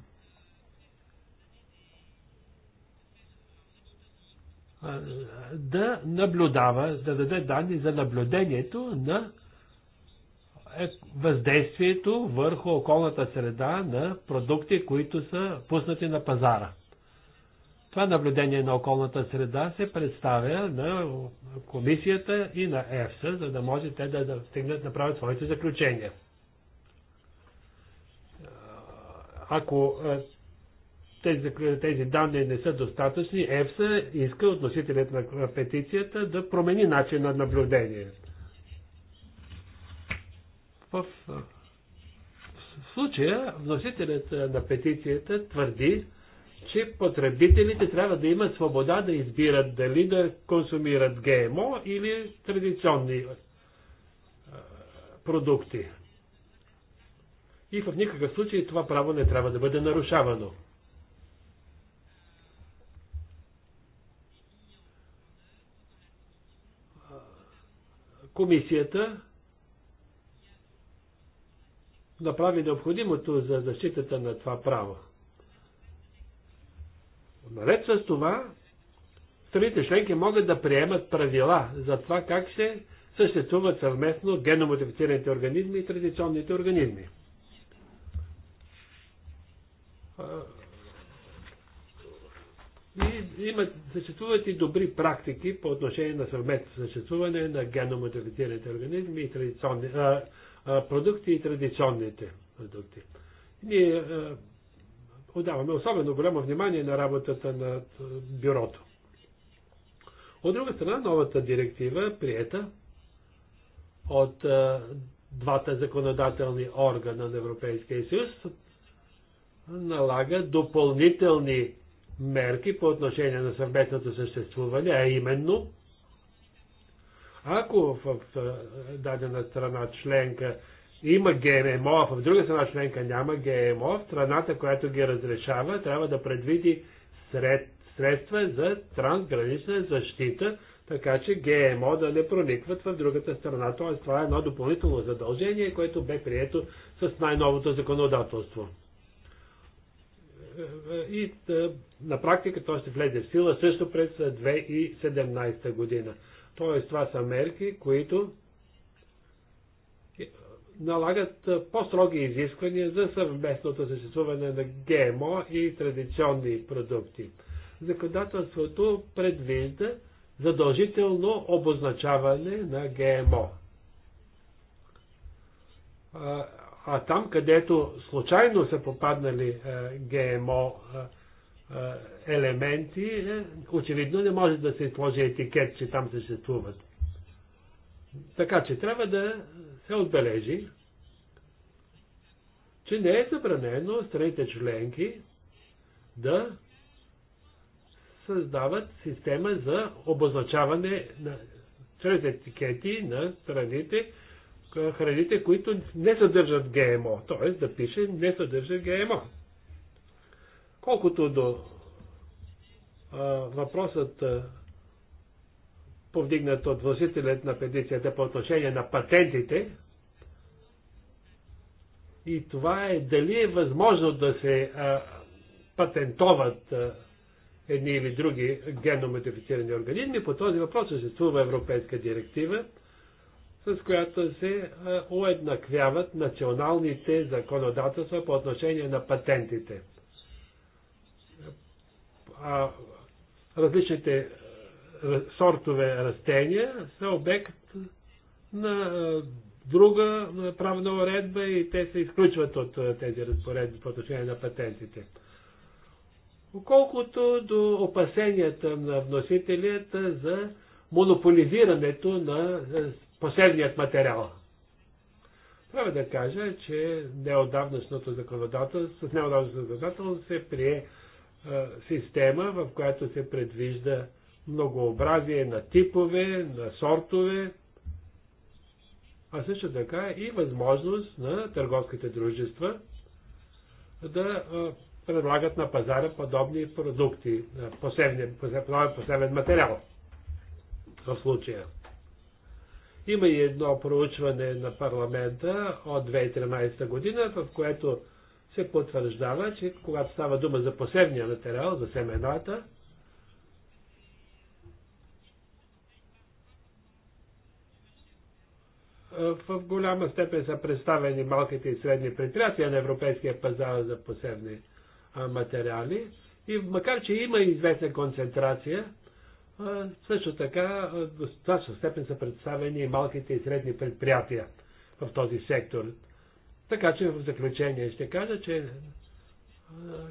да наблюдава, да даде данни за наблюдението на е въздействието върху околната среда на продукти, които са пуснати на пазара. Това наблюдение на околната среда се представя на комисията и на ЕФСА, за да може те да, да стигнат, направят своите заключения. Ако е, тези, тези данни не са достатъчни, ЕФСА иска относителят на петицията да промени начин на наблюдението в, в случая вносителят на петицията твърди, че потребителите трябва да имат свобода да избират дали да консумират ГМО или традиционни продукти. И в никакъв случай това право не трябва да бъде нарушавано. Комисията направи необходимото за защитата на това право. Наред с това, страните членки могат да приемат правила за това как се съществуват съвместно геномодифицираните организми и традиционните организми. И имат, съществуват и добри практики по отношение на съвместно съществуване на геномодифицираните организми и традиционни, а, продукти и традиционните продукти. Ние отдаваме особено голямо внимание на работата на бюрото. От друга страна, новата директива е приета от двата законодателни органа на Европейския съюз, налага допълнителни мерки по отношение на съвместното съществуване, а именно ако в дадена страна членка има ГМО, а в друга страна членка няма ГМО, страната, която ги разрешава, трябва да предвиди сред, средства за трансгранична защита, така че ГМО да не проникват в другата страна. Т.е. това е едно допълнително задължение, което бе прието с най-новото законодателство. И на практика то ще влезе в сила също през 2017 година. Тоест, това са мерки, които налагат по-строги изисквания за съвместното съществуване на ГМО и традиционни продукти. Законодателството предвижда задължително обозначаване на ГМО. А, а там, където случайно са попаднали а, ГМО, а, е, елементи, е, очевидно не може да се сложи етикет, че там съществуват. Така че трябва да се отбележи, че не е забранено страните членки да създават система за обозначаване на, чрез етикети на страните, храните, които не съдържат ГМО. Т.е. да пише не съдържа ГМО. Колкото до а, въпросът а, повдигнат от възителят на петицията по отношение на патентите, и това е дали е възможно да се а, патентоват а, едни или други генномодифицирани организми. По този въпрос съществува Европейска директива, с която се уеднаквяват националните законодателства по отношение на патентите а, различните сортове растения са обект на друга правна уредба и те се изключват от тези разпоредби по отношение на патентите. Колкото до опасенията на вносителията за монополизирането на последният материал. Трябва да кажа, че неодавнашното законодателство, с неодавнашното законодателство се прие система, в която се предвижда многообразие на типове, на сортове, а също така и възможност на търговските дружества да предлагат на пазара подобни продукти, посевен, посебен материал в случая. Има и едно проучване на парламента от 2013 година, в което се потвърждава, че когато става дума за посевния материал, за семената, в голяма степен са представени малките и средни предприятия на европейския пазар за посевни материали. И макар, че има известна концентрация, също така в достатъчна степен са представени и малките и средни предприятия в този сектор. Така че в заключение ще кажа, че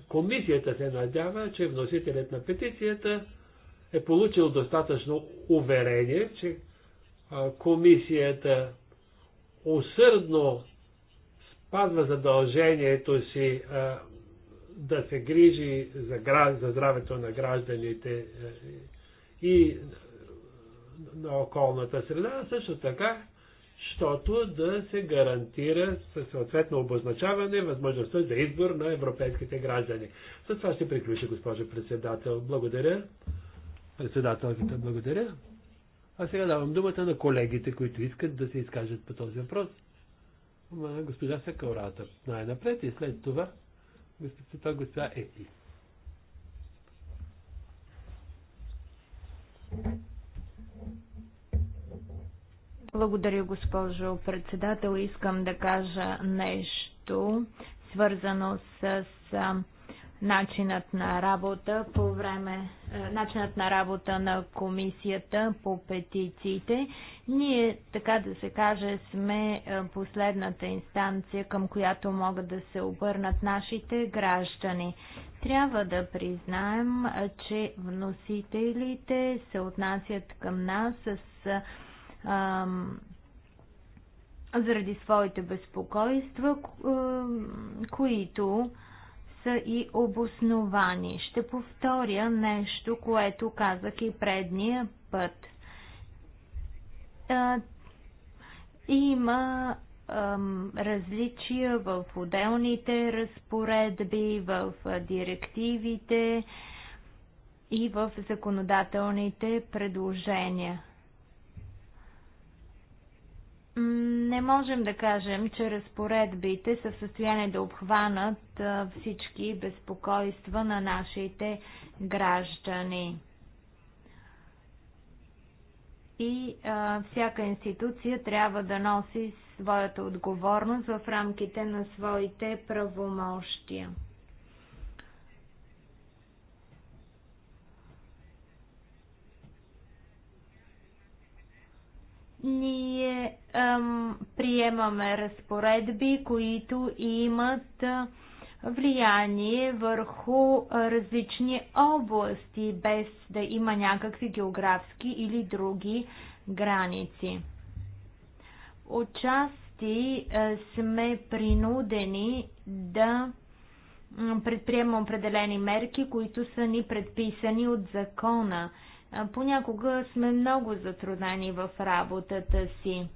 комисията се надява, че вносителят на петицията е получил достатъчно уверение, че комисията усърдно спазва задължението си да се грижи за, за здравето на гражданите и на околната среда, също така защото да се гарантира със съответно обозначаване възможността за избор на европейските граждани. С това ще приключи, госпожо председател. Благодаря. Председателката, благодаря. А сега давам думата на колегите, които искат да се изкажат по този въпрос. госпожа Сакаурата най-напред и след това госпожа, госпожа Ети. Thank you. Благодаря, госпожо председател. Искам да кажа нещо, свързано с начинът на работа по време, начинът на работа на комисията по петициите. Ние, така да се каже, сме последната инстанция, към която могат да се обърнат нашите граждани. Трябва да признаем, че вносителите се отнасят към нас с заради своите безпокойства, които са и обосновани. Ще повторя нещо, което казах и предния път. Има различия в отделните разпоредби, в директивите и в законодателните предложения. Не можем да кажем, че разпоредбите са в състояние да обхванат всички безпокойства на нашите граждани. И а, всяка институция трябва да носи своята отговорност в рамките на своите правомощия. Ние ам, приемаме разпоредби, които имат влияние върху различни области, без да има някакви географски или други граници. Отчасти сме принудени да предприема определени мерки, които са ни предписани от закона. Понякога сме много затруднени в работата си.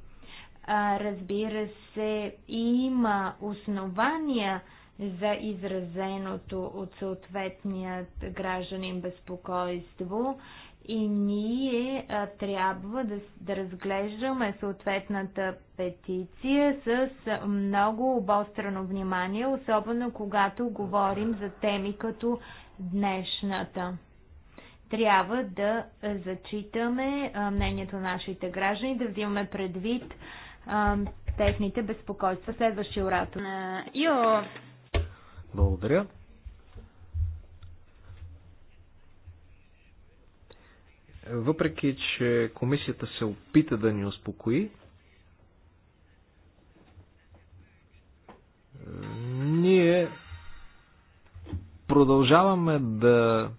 Разбира се, има основания за изразеното от съответният гражданин безпокойство и ние а, трябва да, да разглеждаме съответната петиция с много обострено внимание, особено когато говорим за теми като днешната трябва да зачитаме мнението на нашите граждани, да взимаме предвид техните безпокойства. Следващия оратор. Йо! Благодаря. Въпреки, че комисията се опита да ни успокои, ние продължаваме да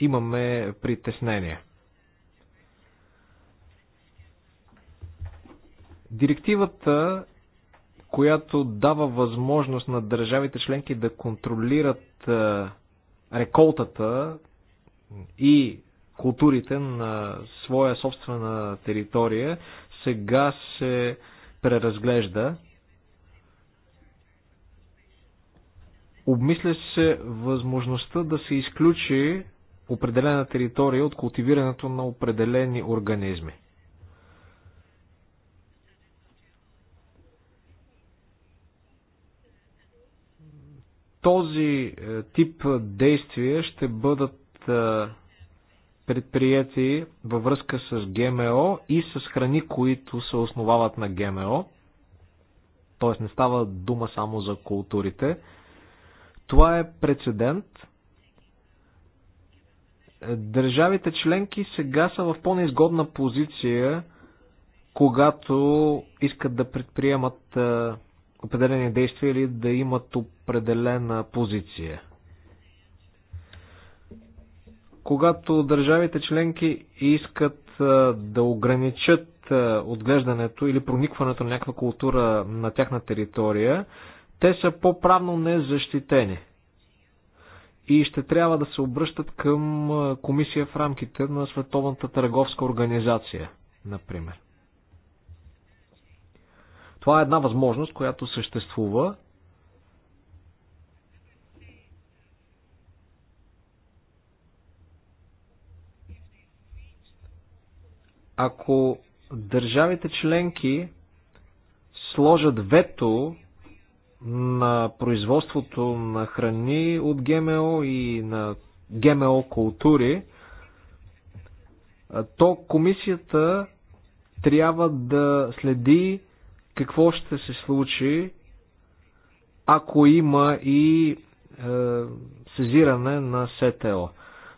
имаме притеснение. Директивата, която дава възможност на държавите членки да контролират е, реколтата и културите на своя собствена територия, сега се преразглежда. Обмисля се възможността да се изключи определена територия от култивирането на определени организми. Този е, тип действия ще бъдат е, предприяти във връзка с ГМО и с храни, които се основават на ГМО. Тоест не става дума само за културите. Това е прецедент. Държавите членки сега са в по-неизгодна позиция, когато искат да предприемат определени действия или да имат определена позиция. Когато държавите членки искат да ограничат отглеждането или проникването на някаква култура на тяхна територия, те са по-правно незащитени и ще трябва да се обръщат към комисия в рамките на Световната търговска организация, например. Това е една възможност, която съществува. Ако държавите членки сложат вето на производството на храни от ГМО и на ГМО култури, то комисията трябва да следи какво ще се случи, ако има и е, сезиране на СТО.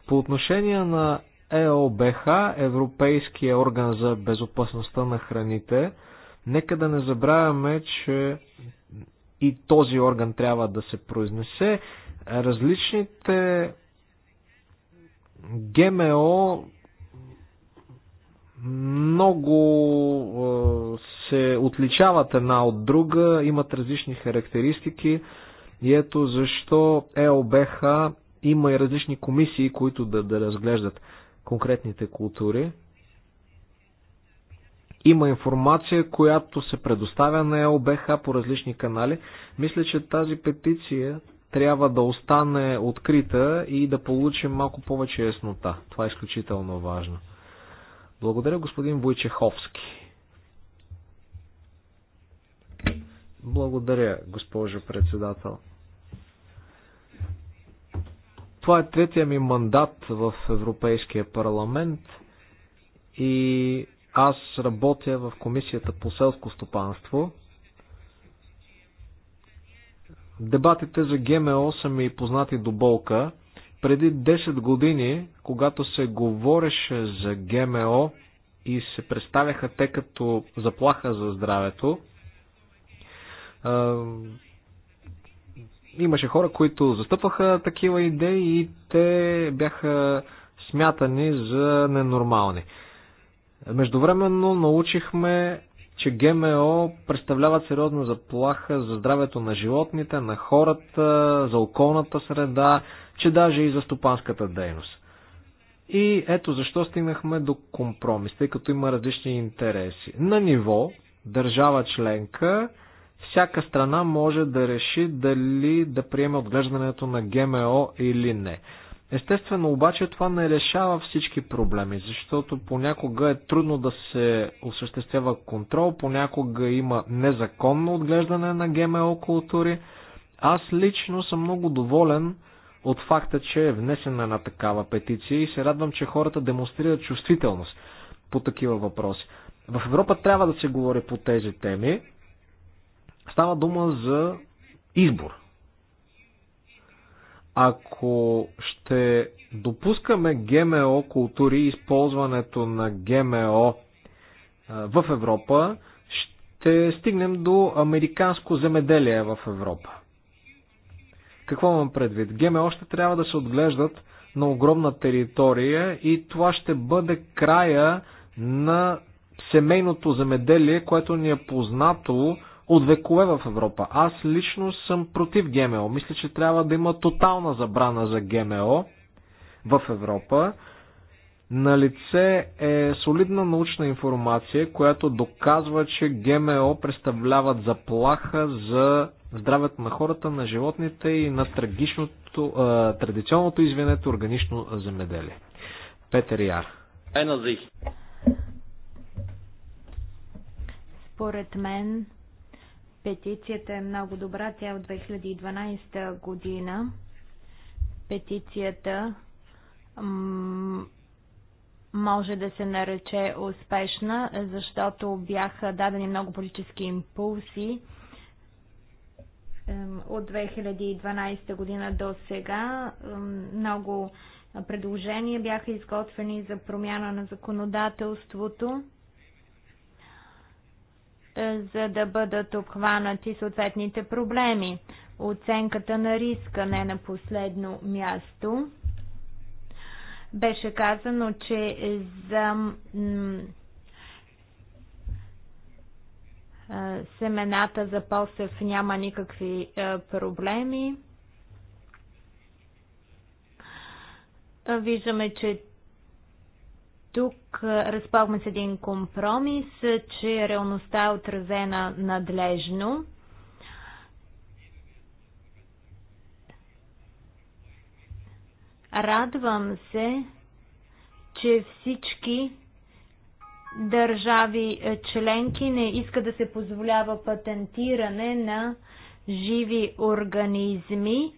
По отношение на ЕОБХ, Европейския орган за безопасността на храните, нека да не забравяме, че и този орган трябва да се произнесе. Различните ГМО много се отличават една от друга, имат различни характеристики и ето защо ЕОБХ има и различни комисии, които да, да разглеждат конкретните култури. Има информация, която се предоставя на ЕОБХ по различни канали. Мисля, че тази петиция трябва да остане открита и да получим малко повече яснота. Това е изключително важно. Благодаря, господин Войчеховски. Благодаря, госпожо председател. Това е третия ми мандат в Европейския парламент и аз работя в Комисията по селско стопанство. Дебатите за ГМО са ми познати до болка. Преди 10 години, когато се говореше за ГМО и се представяха те като заплаха за здравето, имаше хора, които застъпваха такива идеи и те бяха смятани за ненормални. Междувременно научихме, че ГМО представляват сериозна заплаха за здравето на животните, на хората, за околната среда, че даже и за стопанската дейност. И ето защо стигнахме до компромис, тъй като има различни интереси. На ниво държава членка, всяка страна може да реши дали да приеме отглеждането на ГМО или не. Естествено, обаче това не решава всички проблеми, защото понякога е трудно да се осъществява контрол, понякога има незаконно отглеждане на ГМО култури. Аз лично съм много доволен от факта, че е внесена една такава петиция и се радвам, че хората демонстрират чувствителност по такива въпроси. В Европа трябва да се говори по тези теми. Става дума за избор ако ще допускаме ГМО култури и използването на ГМО в Европа, ще стигнем до американско земеделие в Европа. Какво имам предвид? ГМО ще трябва да се отглеждат на огромна територия и това ще бъде края на семейното земеделие, което ни е познато от векове в Европа. Аз лично съм против ГМО. Мисля, че трябва да има тотална забрана за ГМО в Европа. На лице е солидна научна информация, която доказва, че ГМО представляват заплаха за здравето на хората, на животните и на трагичното, традиционното извинете органично земеделие. Петър Яр. Според мен Петицията е много добра. Тя е от 2012 година. Петицията може да се нарече успешна, защото бяха дадени много политически импулси от 2012 година до сега. Много предложения бяха изготвени за промяна на законодателството. Е, за да бъдат обхванати съответните проблеми. Оценката на риска не на последно място. Беше казано, че за е, семената за посев няма никакви е, проблеми. Виждаме, че тук разполагаме с един компромис, че реалността е отразена надлежно. Радвам се, че всички държави членки не иска да се позволява патентиране на живи организми,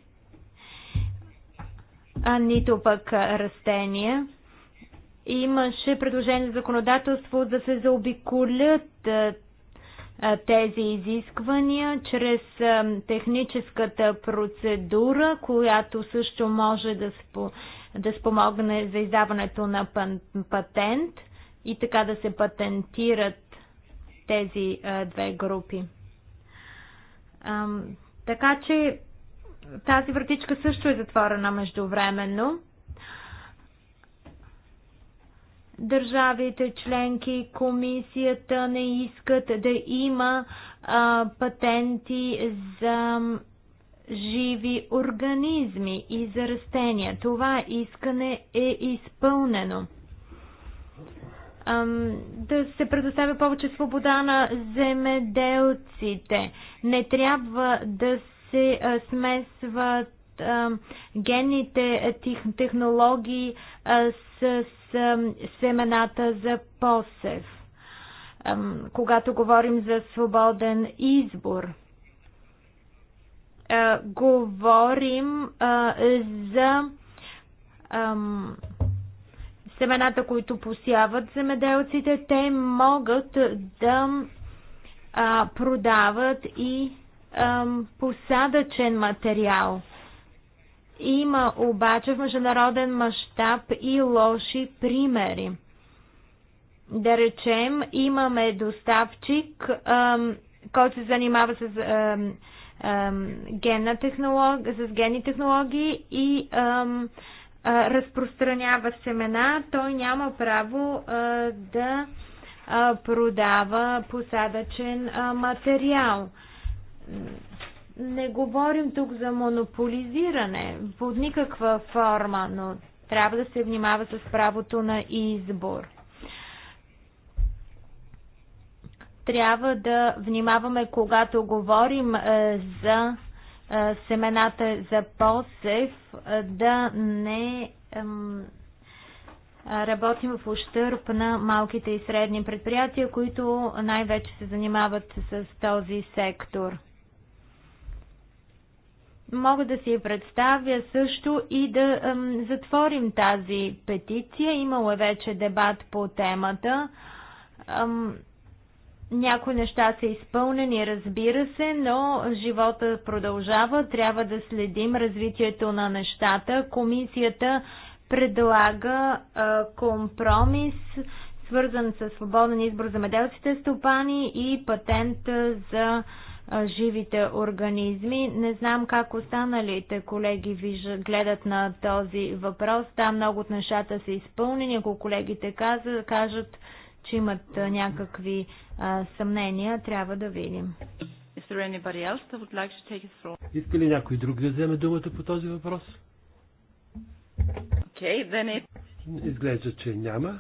а нито пък растения. Имаше предложение за законодателство да се заобиколят тези изисквания чрез техническата процедура, която също може да, спо, да спомогне за издаването на патент и така да се патентират тези две групи. Така че тази вратичка също е затворена междувременно. държавите членки, комисията не искат да има а, патенти за живи организми и за растения. Това искане е изпълнено. Ам, да се предоставя повече свобода на земеделците. Не трябва да се смесват генните технологии с семената за посев, когато говорим за свободен избор. Говорим за семената, които посяват земеделците, те могат да продават и посадъчен материал. Има обаче в международен мащаб и лоши примери. Да речем, имаме доставчик, който се занимава с генна технология, с генни технологии и ам, а, разпространява семена, той няма право а, да а, продава посадъчен а, материал. Не говорим тук за монополизиране под никаква форма, но трябва да се внимава с правото на избор. Трябва да внимаваме, когато говорим е, за е, семената за посев, е, да не работим в ущърп на малките и средни предприятия, които най-вече се занимават с този сектор. Мога да си я представя също и да ем, затворим тази петиция. Имало е вече дебат по темата. Ем, някои неща са изпълнени, разбира се, но живота продължава. Трябва да следим развитието на нещата. Комисията предлага е, компромис, свързан с свободен избор за меделците стопани и патент за живите организми. Не знам как останалите колеги виждат, гледат на този въпрос. Там много от нещата са изпълнени. Ако колегите каза, кажат, че имат някакви а, съмнения, трябва да видим. Иска ли някой друг да вземе думата по този въпрос? Okay, then it... Изглежда, че няма.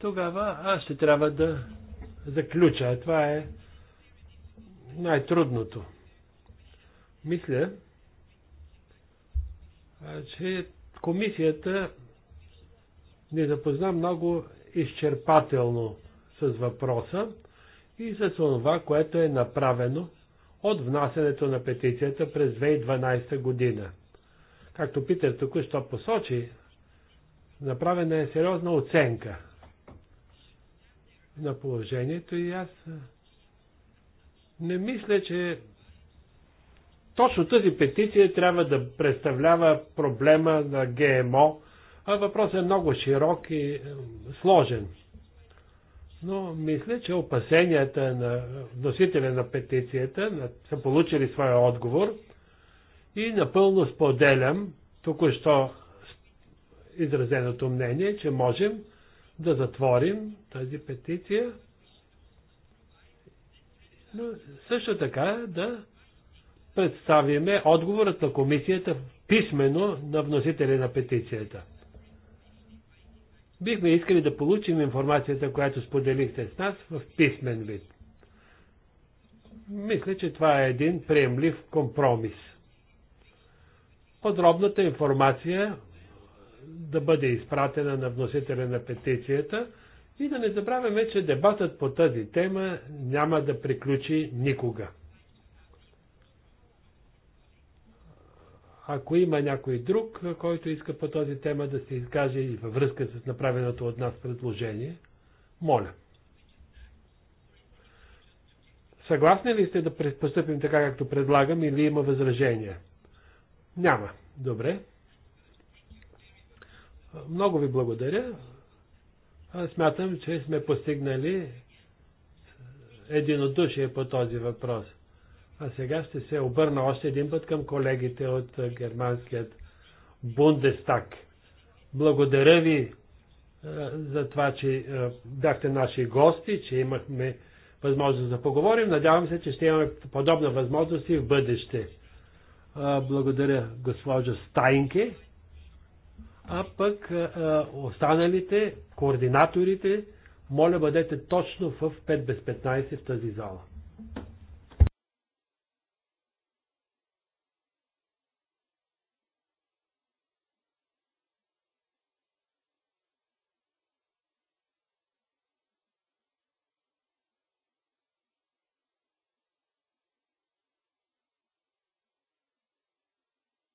Тогава аз ще трябва да заключа. Това е най-трудното. Мисля, че комисията не запозна много изчерпателно с въпроса и с това, което е направено от внасянето на петицията през 2012 година. Както Питер току-що посочи, направена е сериозна оценка на положението и аз не мисля, че точно тази петиция трябва да представлява проблема на ГМО, а въпросът е много широк и е, сложен. Но мисля, че опасенията на носителя на петицията са получили своя отговор и напълно споделям току-що изразеното мнение, че можем да затворим тази петиция но също така да представиме отговорът на комисията писменно на вносителя на петицията. Бихме искали да получим информацията, която споделихте с нас в писмен вид. Мисля, че това е един приемлив компромис. Подробната информация да бъде изпратена на вносителя на петицията – и да не забравяме, че дебатът по тази тема няма да приключи никога. Ако има някой друг, който иска по тази тема да се изкаже и във връзка с направеното от нас предложение, моля. Съгласни ли сте да поступим така, както предлагам, или има възражения? Няма. Добре. Много ви благодаря. Аз смятам, че сме постигнали единодушие по този въпрос. А сега ще се обърна още един път към колегите от германският Бундестаг. Благодаря ви е, за това, че е, бяхте наши гости, че имахме възможност да поговорим. Надявам се, че ще имаме подобна възможност и в бъдеще. Е, благодаря, госпожо Стайнке а пък а, останалите, координаторите, моля бъдете точно в 5 без 15 в тази зала.